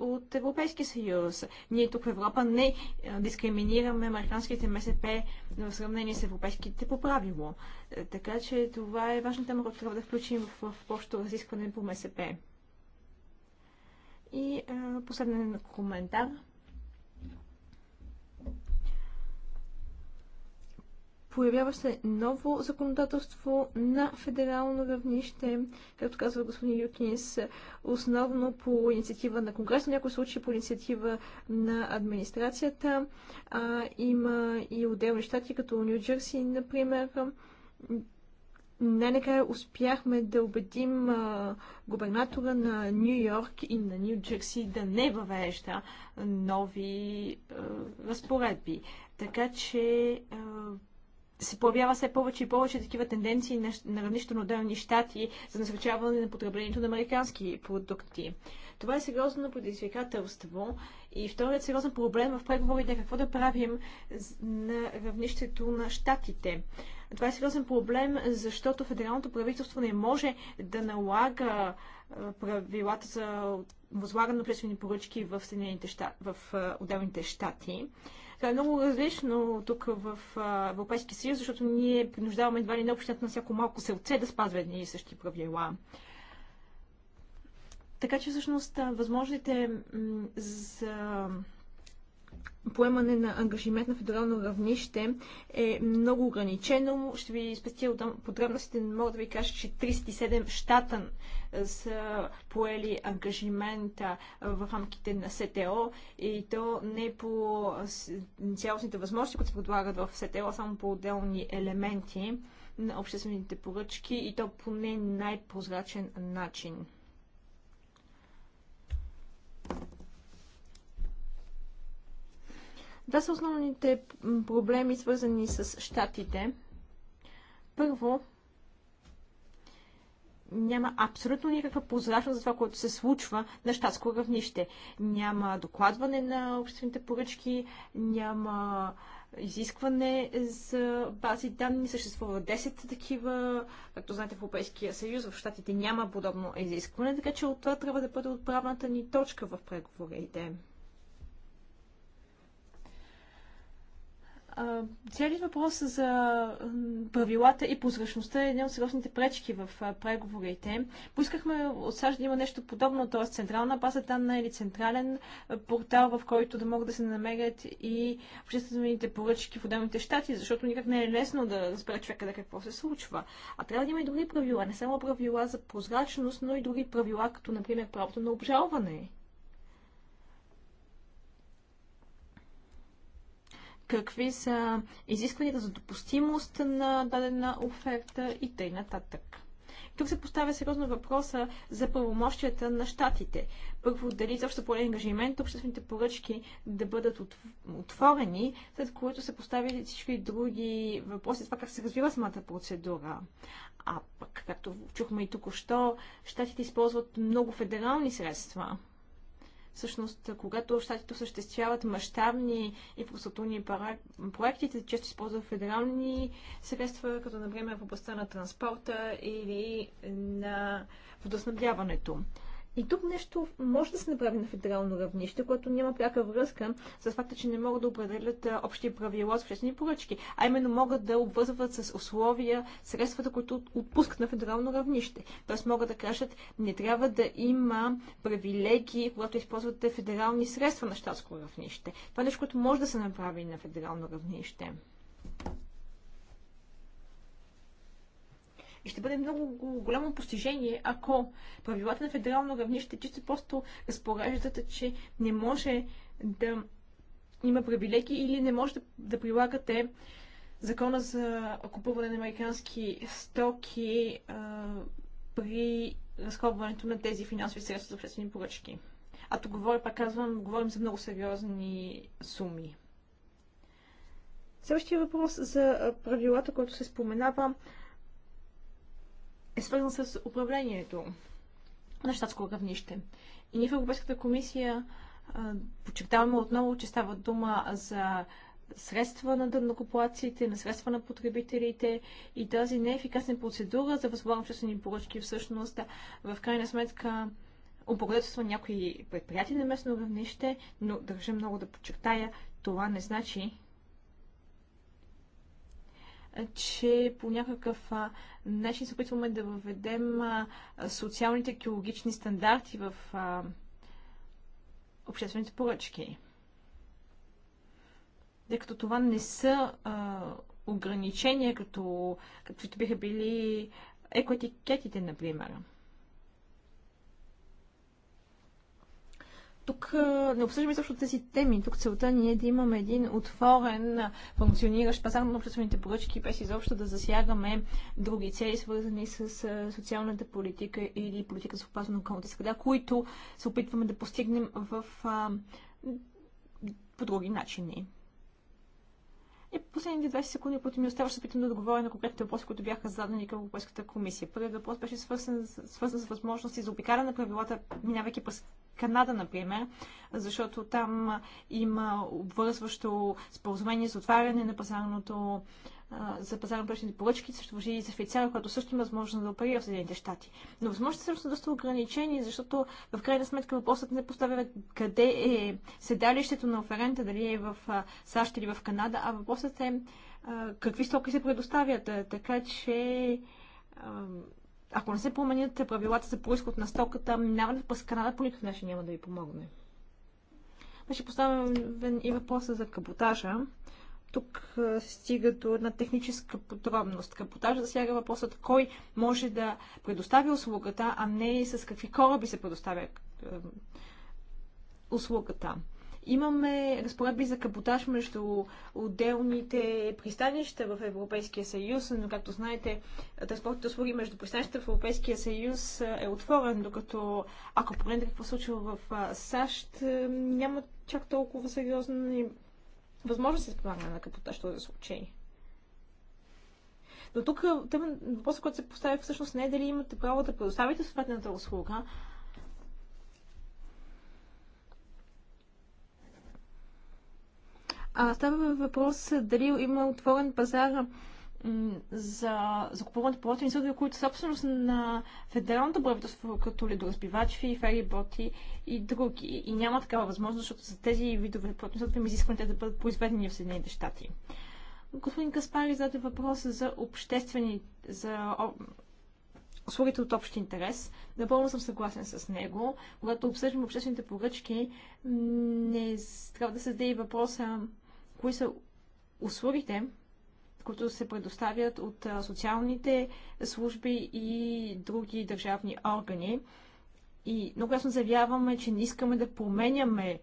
от Европейския съюз. Ние тук в Европа не е, дискриминираме американските МСП в сравнение с европейските по правило. Е, така че това е важна тема, която трябва да включим в, в общото разискване по МСП. И а, последен коментар – Появява се ново законодателство на федерално равнище, както казва господин Юкинс, основно по инициатива на Конгреса, в някои случаи по инициатива на администрацията. А, има и отделни щати, като Нью Джерси, например. Най-накрая успяхме да убедим а, губернатора на Нью Йорк и на Нью Джерси да не въвежда нови а, разпоредби. Така че а, се появява все повече и повече такива тенденции на, равнището на отделни щати за насърчаване на потреблението на американски продукти. Това е сериозно предизвикателство и вторият сериозен проблем в преговорите е какво да правим на равнището на щатите. Това е сериозен проблем, защото федералното правителство не може да налага правилата за възлагане на обществени поръчки в, в отделните щати е много различно тук в Европейския съюз, защото ние принуждаваме едва ли не общината на всяко малко селце да спазва едни и същи правила. Така че всъщност възможните за поемане на ангажимент на федерално равнище е много ограничено. Ще ви спестя от подробностите, Не мога да ви кажа, че 37 щата е, са поели ангажимента е, в рамките на СТО и то не по цялостните възможности, които се предлагат в СТО, само по отделни елементи на обществените поръчки и то по не най-прозрачен начин. Два са основните проблеми, свързани с щатите. Първо, няма абсолютно никаква прозрачност за това, което се случва на щатско равнище. Няма докладване на обществените поръчки, няма изискване за бази данни. Съществува 10 такива, както знаете в Европейския съюз, в щатите няма подобно изискване, така че от това трябва да бъде отправната ни точка в преговорите. Целият въпрос за правилата и прозрачността е една от сериозните пречки в преговорите. Поискахме от САЩ да има нещо подобно, т.е. централна база данна или централен портал, в който да могат да се намерят и обществените поръчки в отделните щати, защото никак не е лесно да разбере човека да какво се случва. А трябва да има и други правила, не само правила за прозрачност, но и други правила, като например правото на обжалване какви са изискванията за допустимост на дадена оферта и т.н. нататък. Тук се поставя сериозно въпроса за правомощията на щатите. Първо, дали изобщо по ангажимент обществените поръчки да бъдат отворени, след което се поставят всички други въпроси, това как се развива самата процедура. А пък, както чухме и тук що щатите използват много федерални средства – Всъщност, когато щатите осъществяват мащабни инфраструктурни проекти, те често използват федерални средства, като например в областта на транспорта или на водоснабдяването. И тук нещо може да се направи на федерално равнище, което няма пряка връзка с факта, че не могат да определят общи правила с обществени поръчки, а именно могат да обвързват с условия средствата, които отпускат на федерално равнище. Тоест могат да кажат, не трябва да има привилегии, когато използвате федерални средства на щатско равнище. Това е нещо, което може да се направи на федерално равнище. И ще бъде много голямо постижение, ако правилата на федерално равнище чисто просто разпореждат, че не може да има привилеги или не може да, да прилагате закона за купуване на американски стоки а, при разходването на тези финансови средства за обществени поръчки. А тук говоря, пак казвам, говорим за много сериозни суми. Следващия въпрос за правилата, който се споменава е свързан с управлението на щатско равнище. И ние в Европейската комисия подчертаваме отново, че става дума за средства на дънокоплаците, на средства на потребителите и тази неефикасна процедура за възлагане обществени поръчки всъщност в крайна сметка облагодетелства някои предприятия на местно равнище, но държа много да подчертая, това не значи, че по някакъв начин се опитваме да въведем социалните екологични стандарти в обществените поръчки. Тъй като това не са ограничения, като, каквито биха били екоетикетите, например. Тук не обсъждаме също тези теми. Тук целта ни е да имаме един отворен, функциониращ пазар на обществените поръчки, без изобщо да засягаме други цели, свързани с социалната политика или политика за опазване на околната среда, които се опитваме да постигнем в, а, по други начини. И последните 20 секунди, които ми оставаше, се опитам да говоря на конкретните въпроси, които бяха зададени към Европейската комисия. Първият въпрос беше свързан, свързан с възможности за обикаляне на правилата, минавайки през Канада, например, защото там има обвързващо споразумение за отваряне на пазарното за пазарно на поръчки, също въжи и за Швейцария, която също има възможност да оперира в Съединените щати. Но възможностите също са доста ограничени, защото в крайна сметка въпросът не поставя къде е седалището на оферента, дали е в САЩ или в Канада, а въпросът е какви стоки се предоставят. Така че ако не се променят правилата за происход на стоката, минаването през Канада по никакъв начин няма да ви помогне. Беше поставен и въпроса за каботажа тук се стига до една техническа подробност. Капотажа засяга въпросът кой може да предоставя услугата, а не с какви кораби се предоставя услугата. Имаме разпоредби за капотаж между отделните пристанища в Европейския съюз, но както знаете, транспортните услуги между пристанищата в Европейския съюз е отворен, докато ако погледнете какво случва в САЩ, няма чак толкова сериозни възможност се спомагане на капота, що да случай. Но тук е, въпросът, който се поставя всъщност не е дали имате право да предоставите съответната услуга, а става въпрос дали има отворен пазар за закупуването по да съдове, които са собственост на федералното правителство, като ледоразбивачи, фериботи и други. И няма такава възможност, защото за тези видове плавателни съдове ми изискването да бъдат произведени в Съединените щати. Господин Каспари зададе въпроса за обществени, за услугите от общ интерес. Напълно съм съгласен с него. Когато обсъждаме обществените поръчки, не трябва да се даде и въпроса кои са услугите, които се предоставят от социалните служби и други държавни органи. И много ясно заявяваме, че не искаме да променяме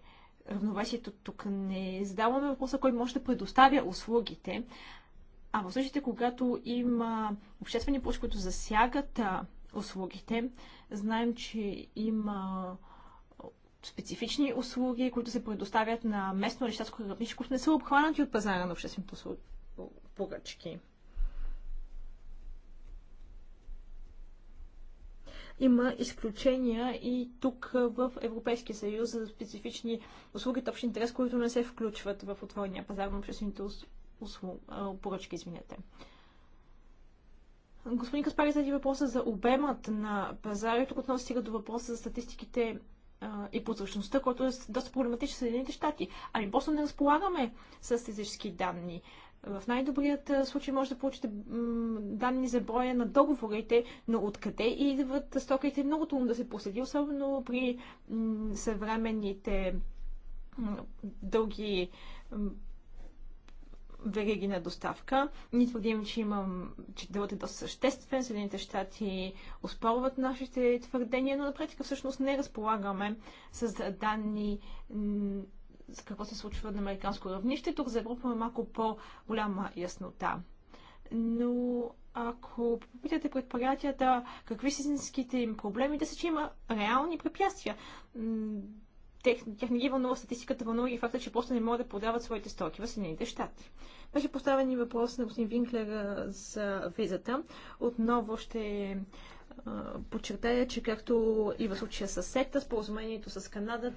равновесието тук. Не задаваме въпроса кой може да предоставя услугите, а в случаите, когато има обществени поръчки, които засягат услугите, знаем, че има специфични услуги, които се предоставят на местно или щатско равнище, които не са обхванати от пазара на обществените услуги поръчки. Има изключения и тук в Европейския съюз за специфични услуги от общ интерес, които не се включват в отворения пазар на обществените поръчки. Извинете. Господин Каспари зади въпроса за обемът на пазара и тук отново стига до въпроса за статистиките и прозрачността, който е доста проблематична в Съединените щати. Ами просто не разполагаме с физически данни. В най-добрият случай може да получите данни за броя на договорите, но откъде идват стоките много трудно да се проследи, особено при съвременните дълги вериги на доставка. Ние твърдим, че, имам, че делът е доста съществен. Съединените щати оспорват нашите твърдения, но на практика всъщност не разполагаме с данни какво се случва на американско равнище. Тук за Европа е малко по-голяма яснота. Но ако попитате предприятията какви са истинските им проблеми, да се, че има реални препятствия. Тех, тях не ги вълнува статистиката, вълнува и факта, че просто не могат да продават своите стоки в Съединените щати. Беше поставен и въпрос на господин Винклер за визата. Отново ще подчертая, че както и в случая с СЕТА, споразумението с Канада,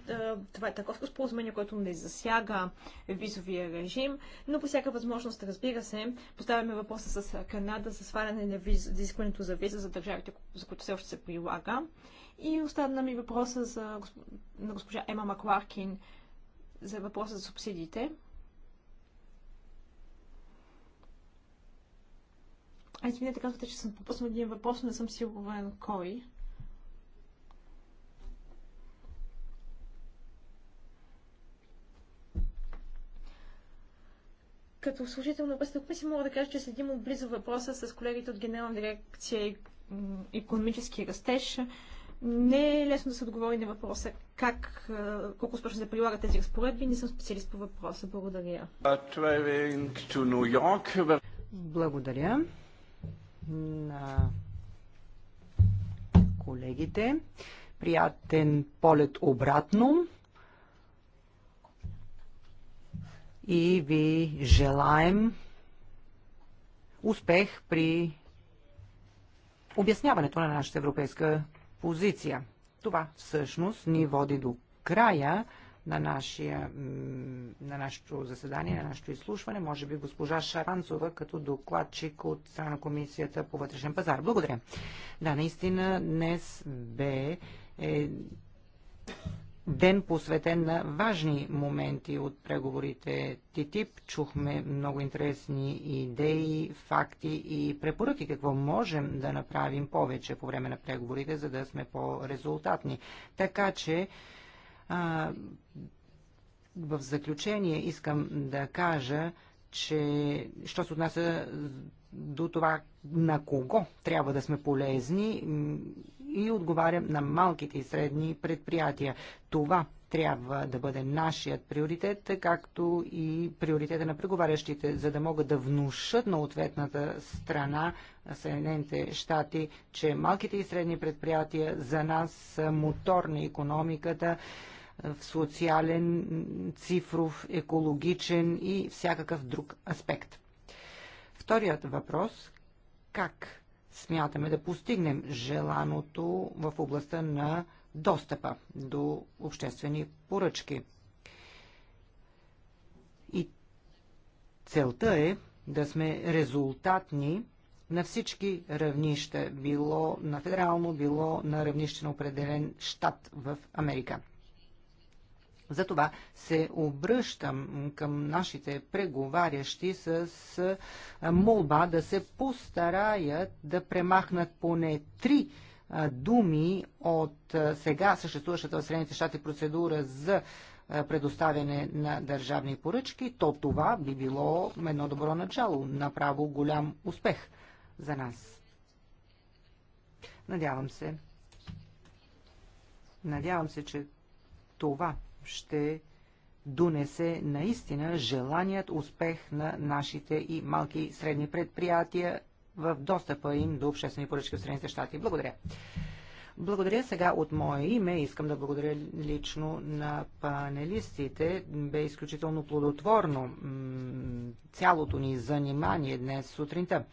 това е таковско споразумение, което не засяга визовия режим, но по всяка възможност, разбира се, поставяме въпроса с Канада за сваляне на изискването за виза за държавите, за които все още се прилага. И остана ми въпроса за, на госпожа Ема Макларкин за въпроса за субсидиите. А, извинете, казвате, че съм пропуснал един въпрос, но не съм сигурен кой. Като служител на Пъстата комисия мога да кажа, че следим отблизо въпроса с колегите от Генерална дирекция економически растеж. Не е лесно да се отговори на въпроса как, колко успешно се прилагат тези разпоредби. Не съм специалист по въпроса. Благодаря. Благодаря на колегите. Приятен полет обратно. И ви желаем успех при обясняването на нашата европейска позиция. Това всъщност ни води до края на, нашия, на нашето заседание, на нашето изслушване. Може би госпожа Шаранцова като докладчик от страна на Комисията по вътрешен пазар. Благодаря. Да, наистина днес бе е, ден посветен на важни моменти от преговорите ТИТИП. Чухме много интересни идеи, факти и препоръки. Какво можем да направим повече по време на преговорите, за да сме по-резултатни. Така че а, в заключение искам да кажа, че що се отнася до това на кого трябва да сме полезни и отговарям на малките и средни предприятия. Това трябва да бъде нашият приоритет, както и приоритета на преговарящите, за да могат да внушат на ответната страна Съединените щати, че малките и средни предприятия за нас са мотор на економиката, в социален, цифров, екологичен и всякакъв друг аспект. Вторият въпрос – как смятаме да постигнем желаното в областта на достъпа до обществени поръчки? И целта е да сме резултатни на всички равнища, било на федерално, било на равнище на определен щат в Америка. Затова се обръщам към нашите преговарящи с молба да се постараят да премахнат поне три думи от сега съществуващата в Средните щати процедура за предоставяне на държавни поръчки, то това би било едно добро начало, направо голям успех за нас. Надявам се. Надявам се, че това ще донесе наистина желаният успех на нашите и малки и средни предприятия в достъпа им до обществени поръчки в Средните щати. Благодаря. Благодаря сега от мое име. Искам да благодаря лично на панелистите. Бе изключително плодотворно цялото ни занимание днес сутринта.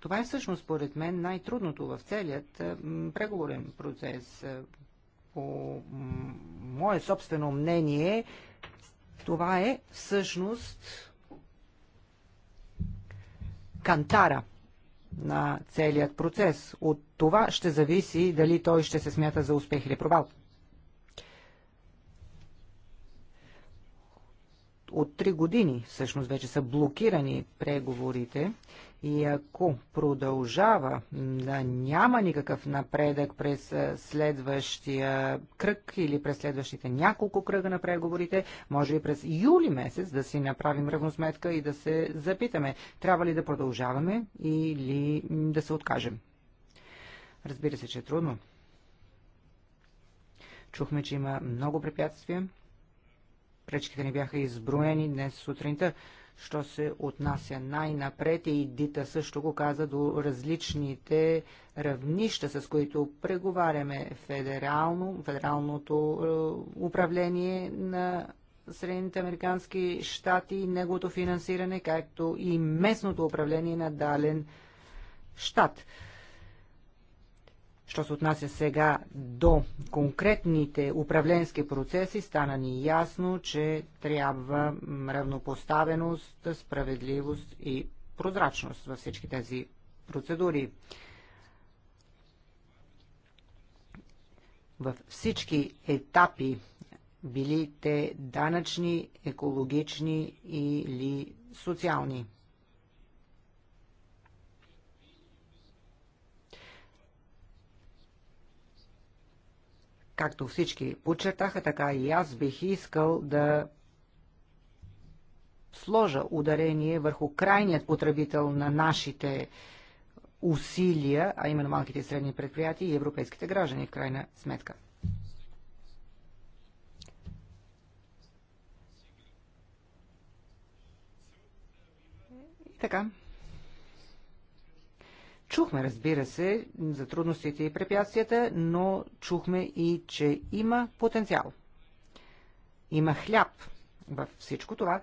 Това е всъщност, според мен, най-трудното в целият преговорен процес по мое собствено мнение, това е всъщност кантара на целият процес. От това ще зависи дали той ще се смята за успех или провал. От три години всъщност вече са блокирани преговорите и ако продължава да няма никакъв напредък през следващия кръг или през следващите няколко кръга на преговорите, може и през юли месец да си направим равносметка и да се запитаме, трябва ли да продължаваме или да се откажем. Разбира се, че е трудно. Чухме, че има много препятствия. Пречките ни бяха изброени днес сутринта що се отнася най-напред и Дита също го каза до различните равнища, с които преговаряме федерално, федералното е, управление на Средните Американски щати и неговото финансиране, както и местното управление на дален щат. Що се отнася сега до конкретните управленски процеси, стана ни ясно, че трябва равнопоставеност, справедливост и прозрачност във всички тези процедури. Във всички етапи, били те данъчни, екологични или социални. Както всички подчертаха, така и аз бих искал да сложа ударение върху крайният потребител на нашите усилия, а именно малките и средни предприятия и европейските граждани в крайна сметка. И така. Чухме, разбира се, за трудностите и препятствията, но чухме и, че има потенциал. Има хляб във всичко това.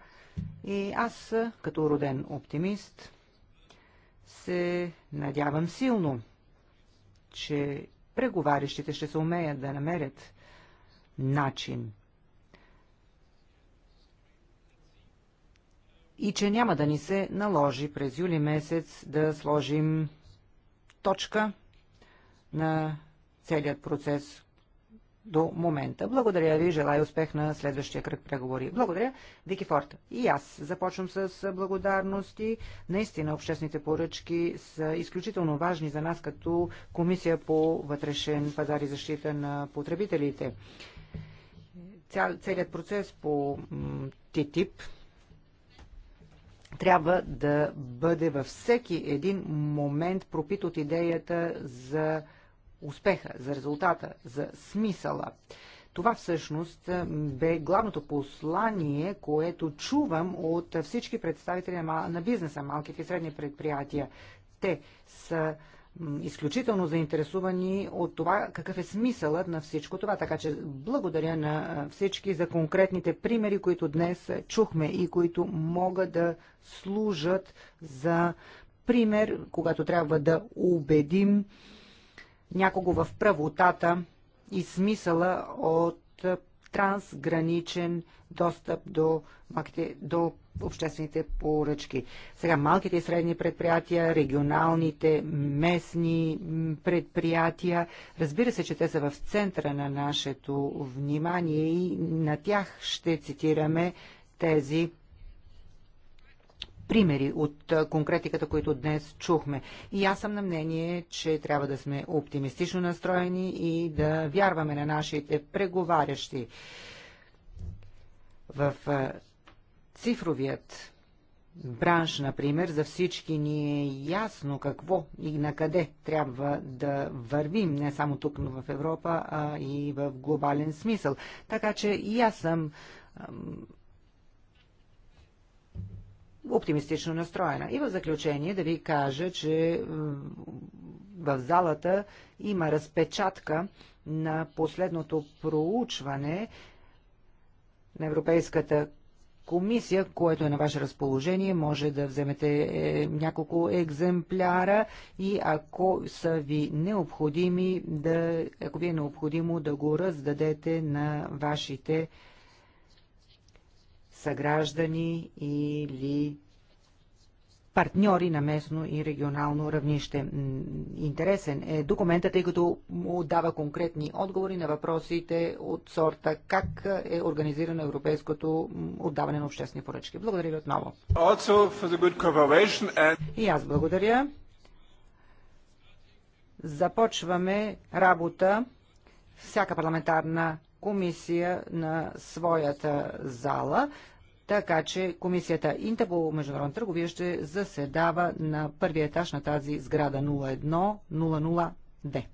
И аз, като роден оптимист, се надявам силно, че преговарящите ще се умеят да намерят начин. И че няма да ни се наложи през юли месец да сложим точка на целият процес до момента. Благодаря ви, желая успех на следващия кръг преговори. Благодаря, Вики Форд. И аз започвам с благодарности. Наистина, обществените поръчки са изключително важни за нас като Комисия по вътрешен пазар и защита на потребителите. Цял, целият процес по ТТИП трябва да бъде във всеки един момент пропит от идеята за успеха, за резултата, за смисъла. Това всъщност бе главното послание, което чувам от всички представители на бизнеса, малките и средни предприятия. Те са изключително заинтересувани от това какъв е смисълът на всичко това. Така че благодаря на всички за конкретните примери, които днес чухме и които могат да служат за пример, когато трябва да убедим някого в правотата и смисъла от трансграничен достъп до, малките, до обществените поръчки. Сега малките и средни предприятия, регионалните, местни предприятия, разбира се, че те са в центъра на нашето внимание и на тях ще цитираме тези примери от конкретиката, които днес чухме. И аз съм на мнение, че трябва да сме оптимистично настроени и да вярваме на нашите преговарящи в цифровият бранш, например, за всички ни е ясно какво и на къде трябва да вървим, не само тук, но в Европа, а и в глобален смисъл. Така че и аз съм оптимистично настроена. И в заключение да ви кажа, че в залата има разпечатка на последното проучване, на Европейската комисия, което е на ваше разположение. Може да вземете е, няколко екземпляра и ако са ви необходими, да, ако ви е необходимо да го раздадете на вашите съграждани или партньори на местно и регионално равнище. Интересен е документът, тъй като му дава конкретни отговори на въпросите от сорта как е организирано европейското отдаване на обществени поръчки. Благодаря ви отново. And... И аз благодаря. Започваме работа всяка парламентарна комисия на своята зала. Така че комисията Инта по международна търговия ще заседава на първия етаж на тази сграда 0100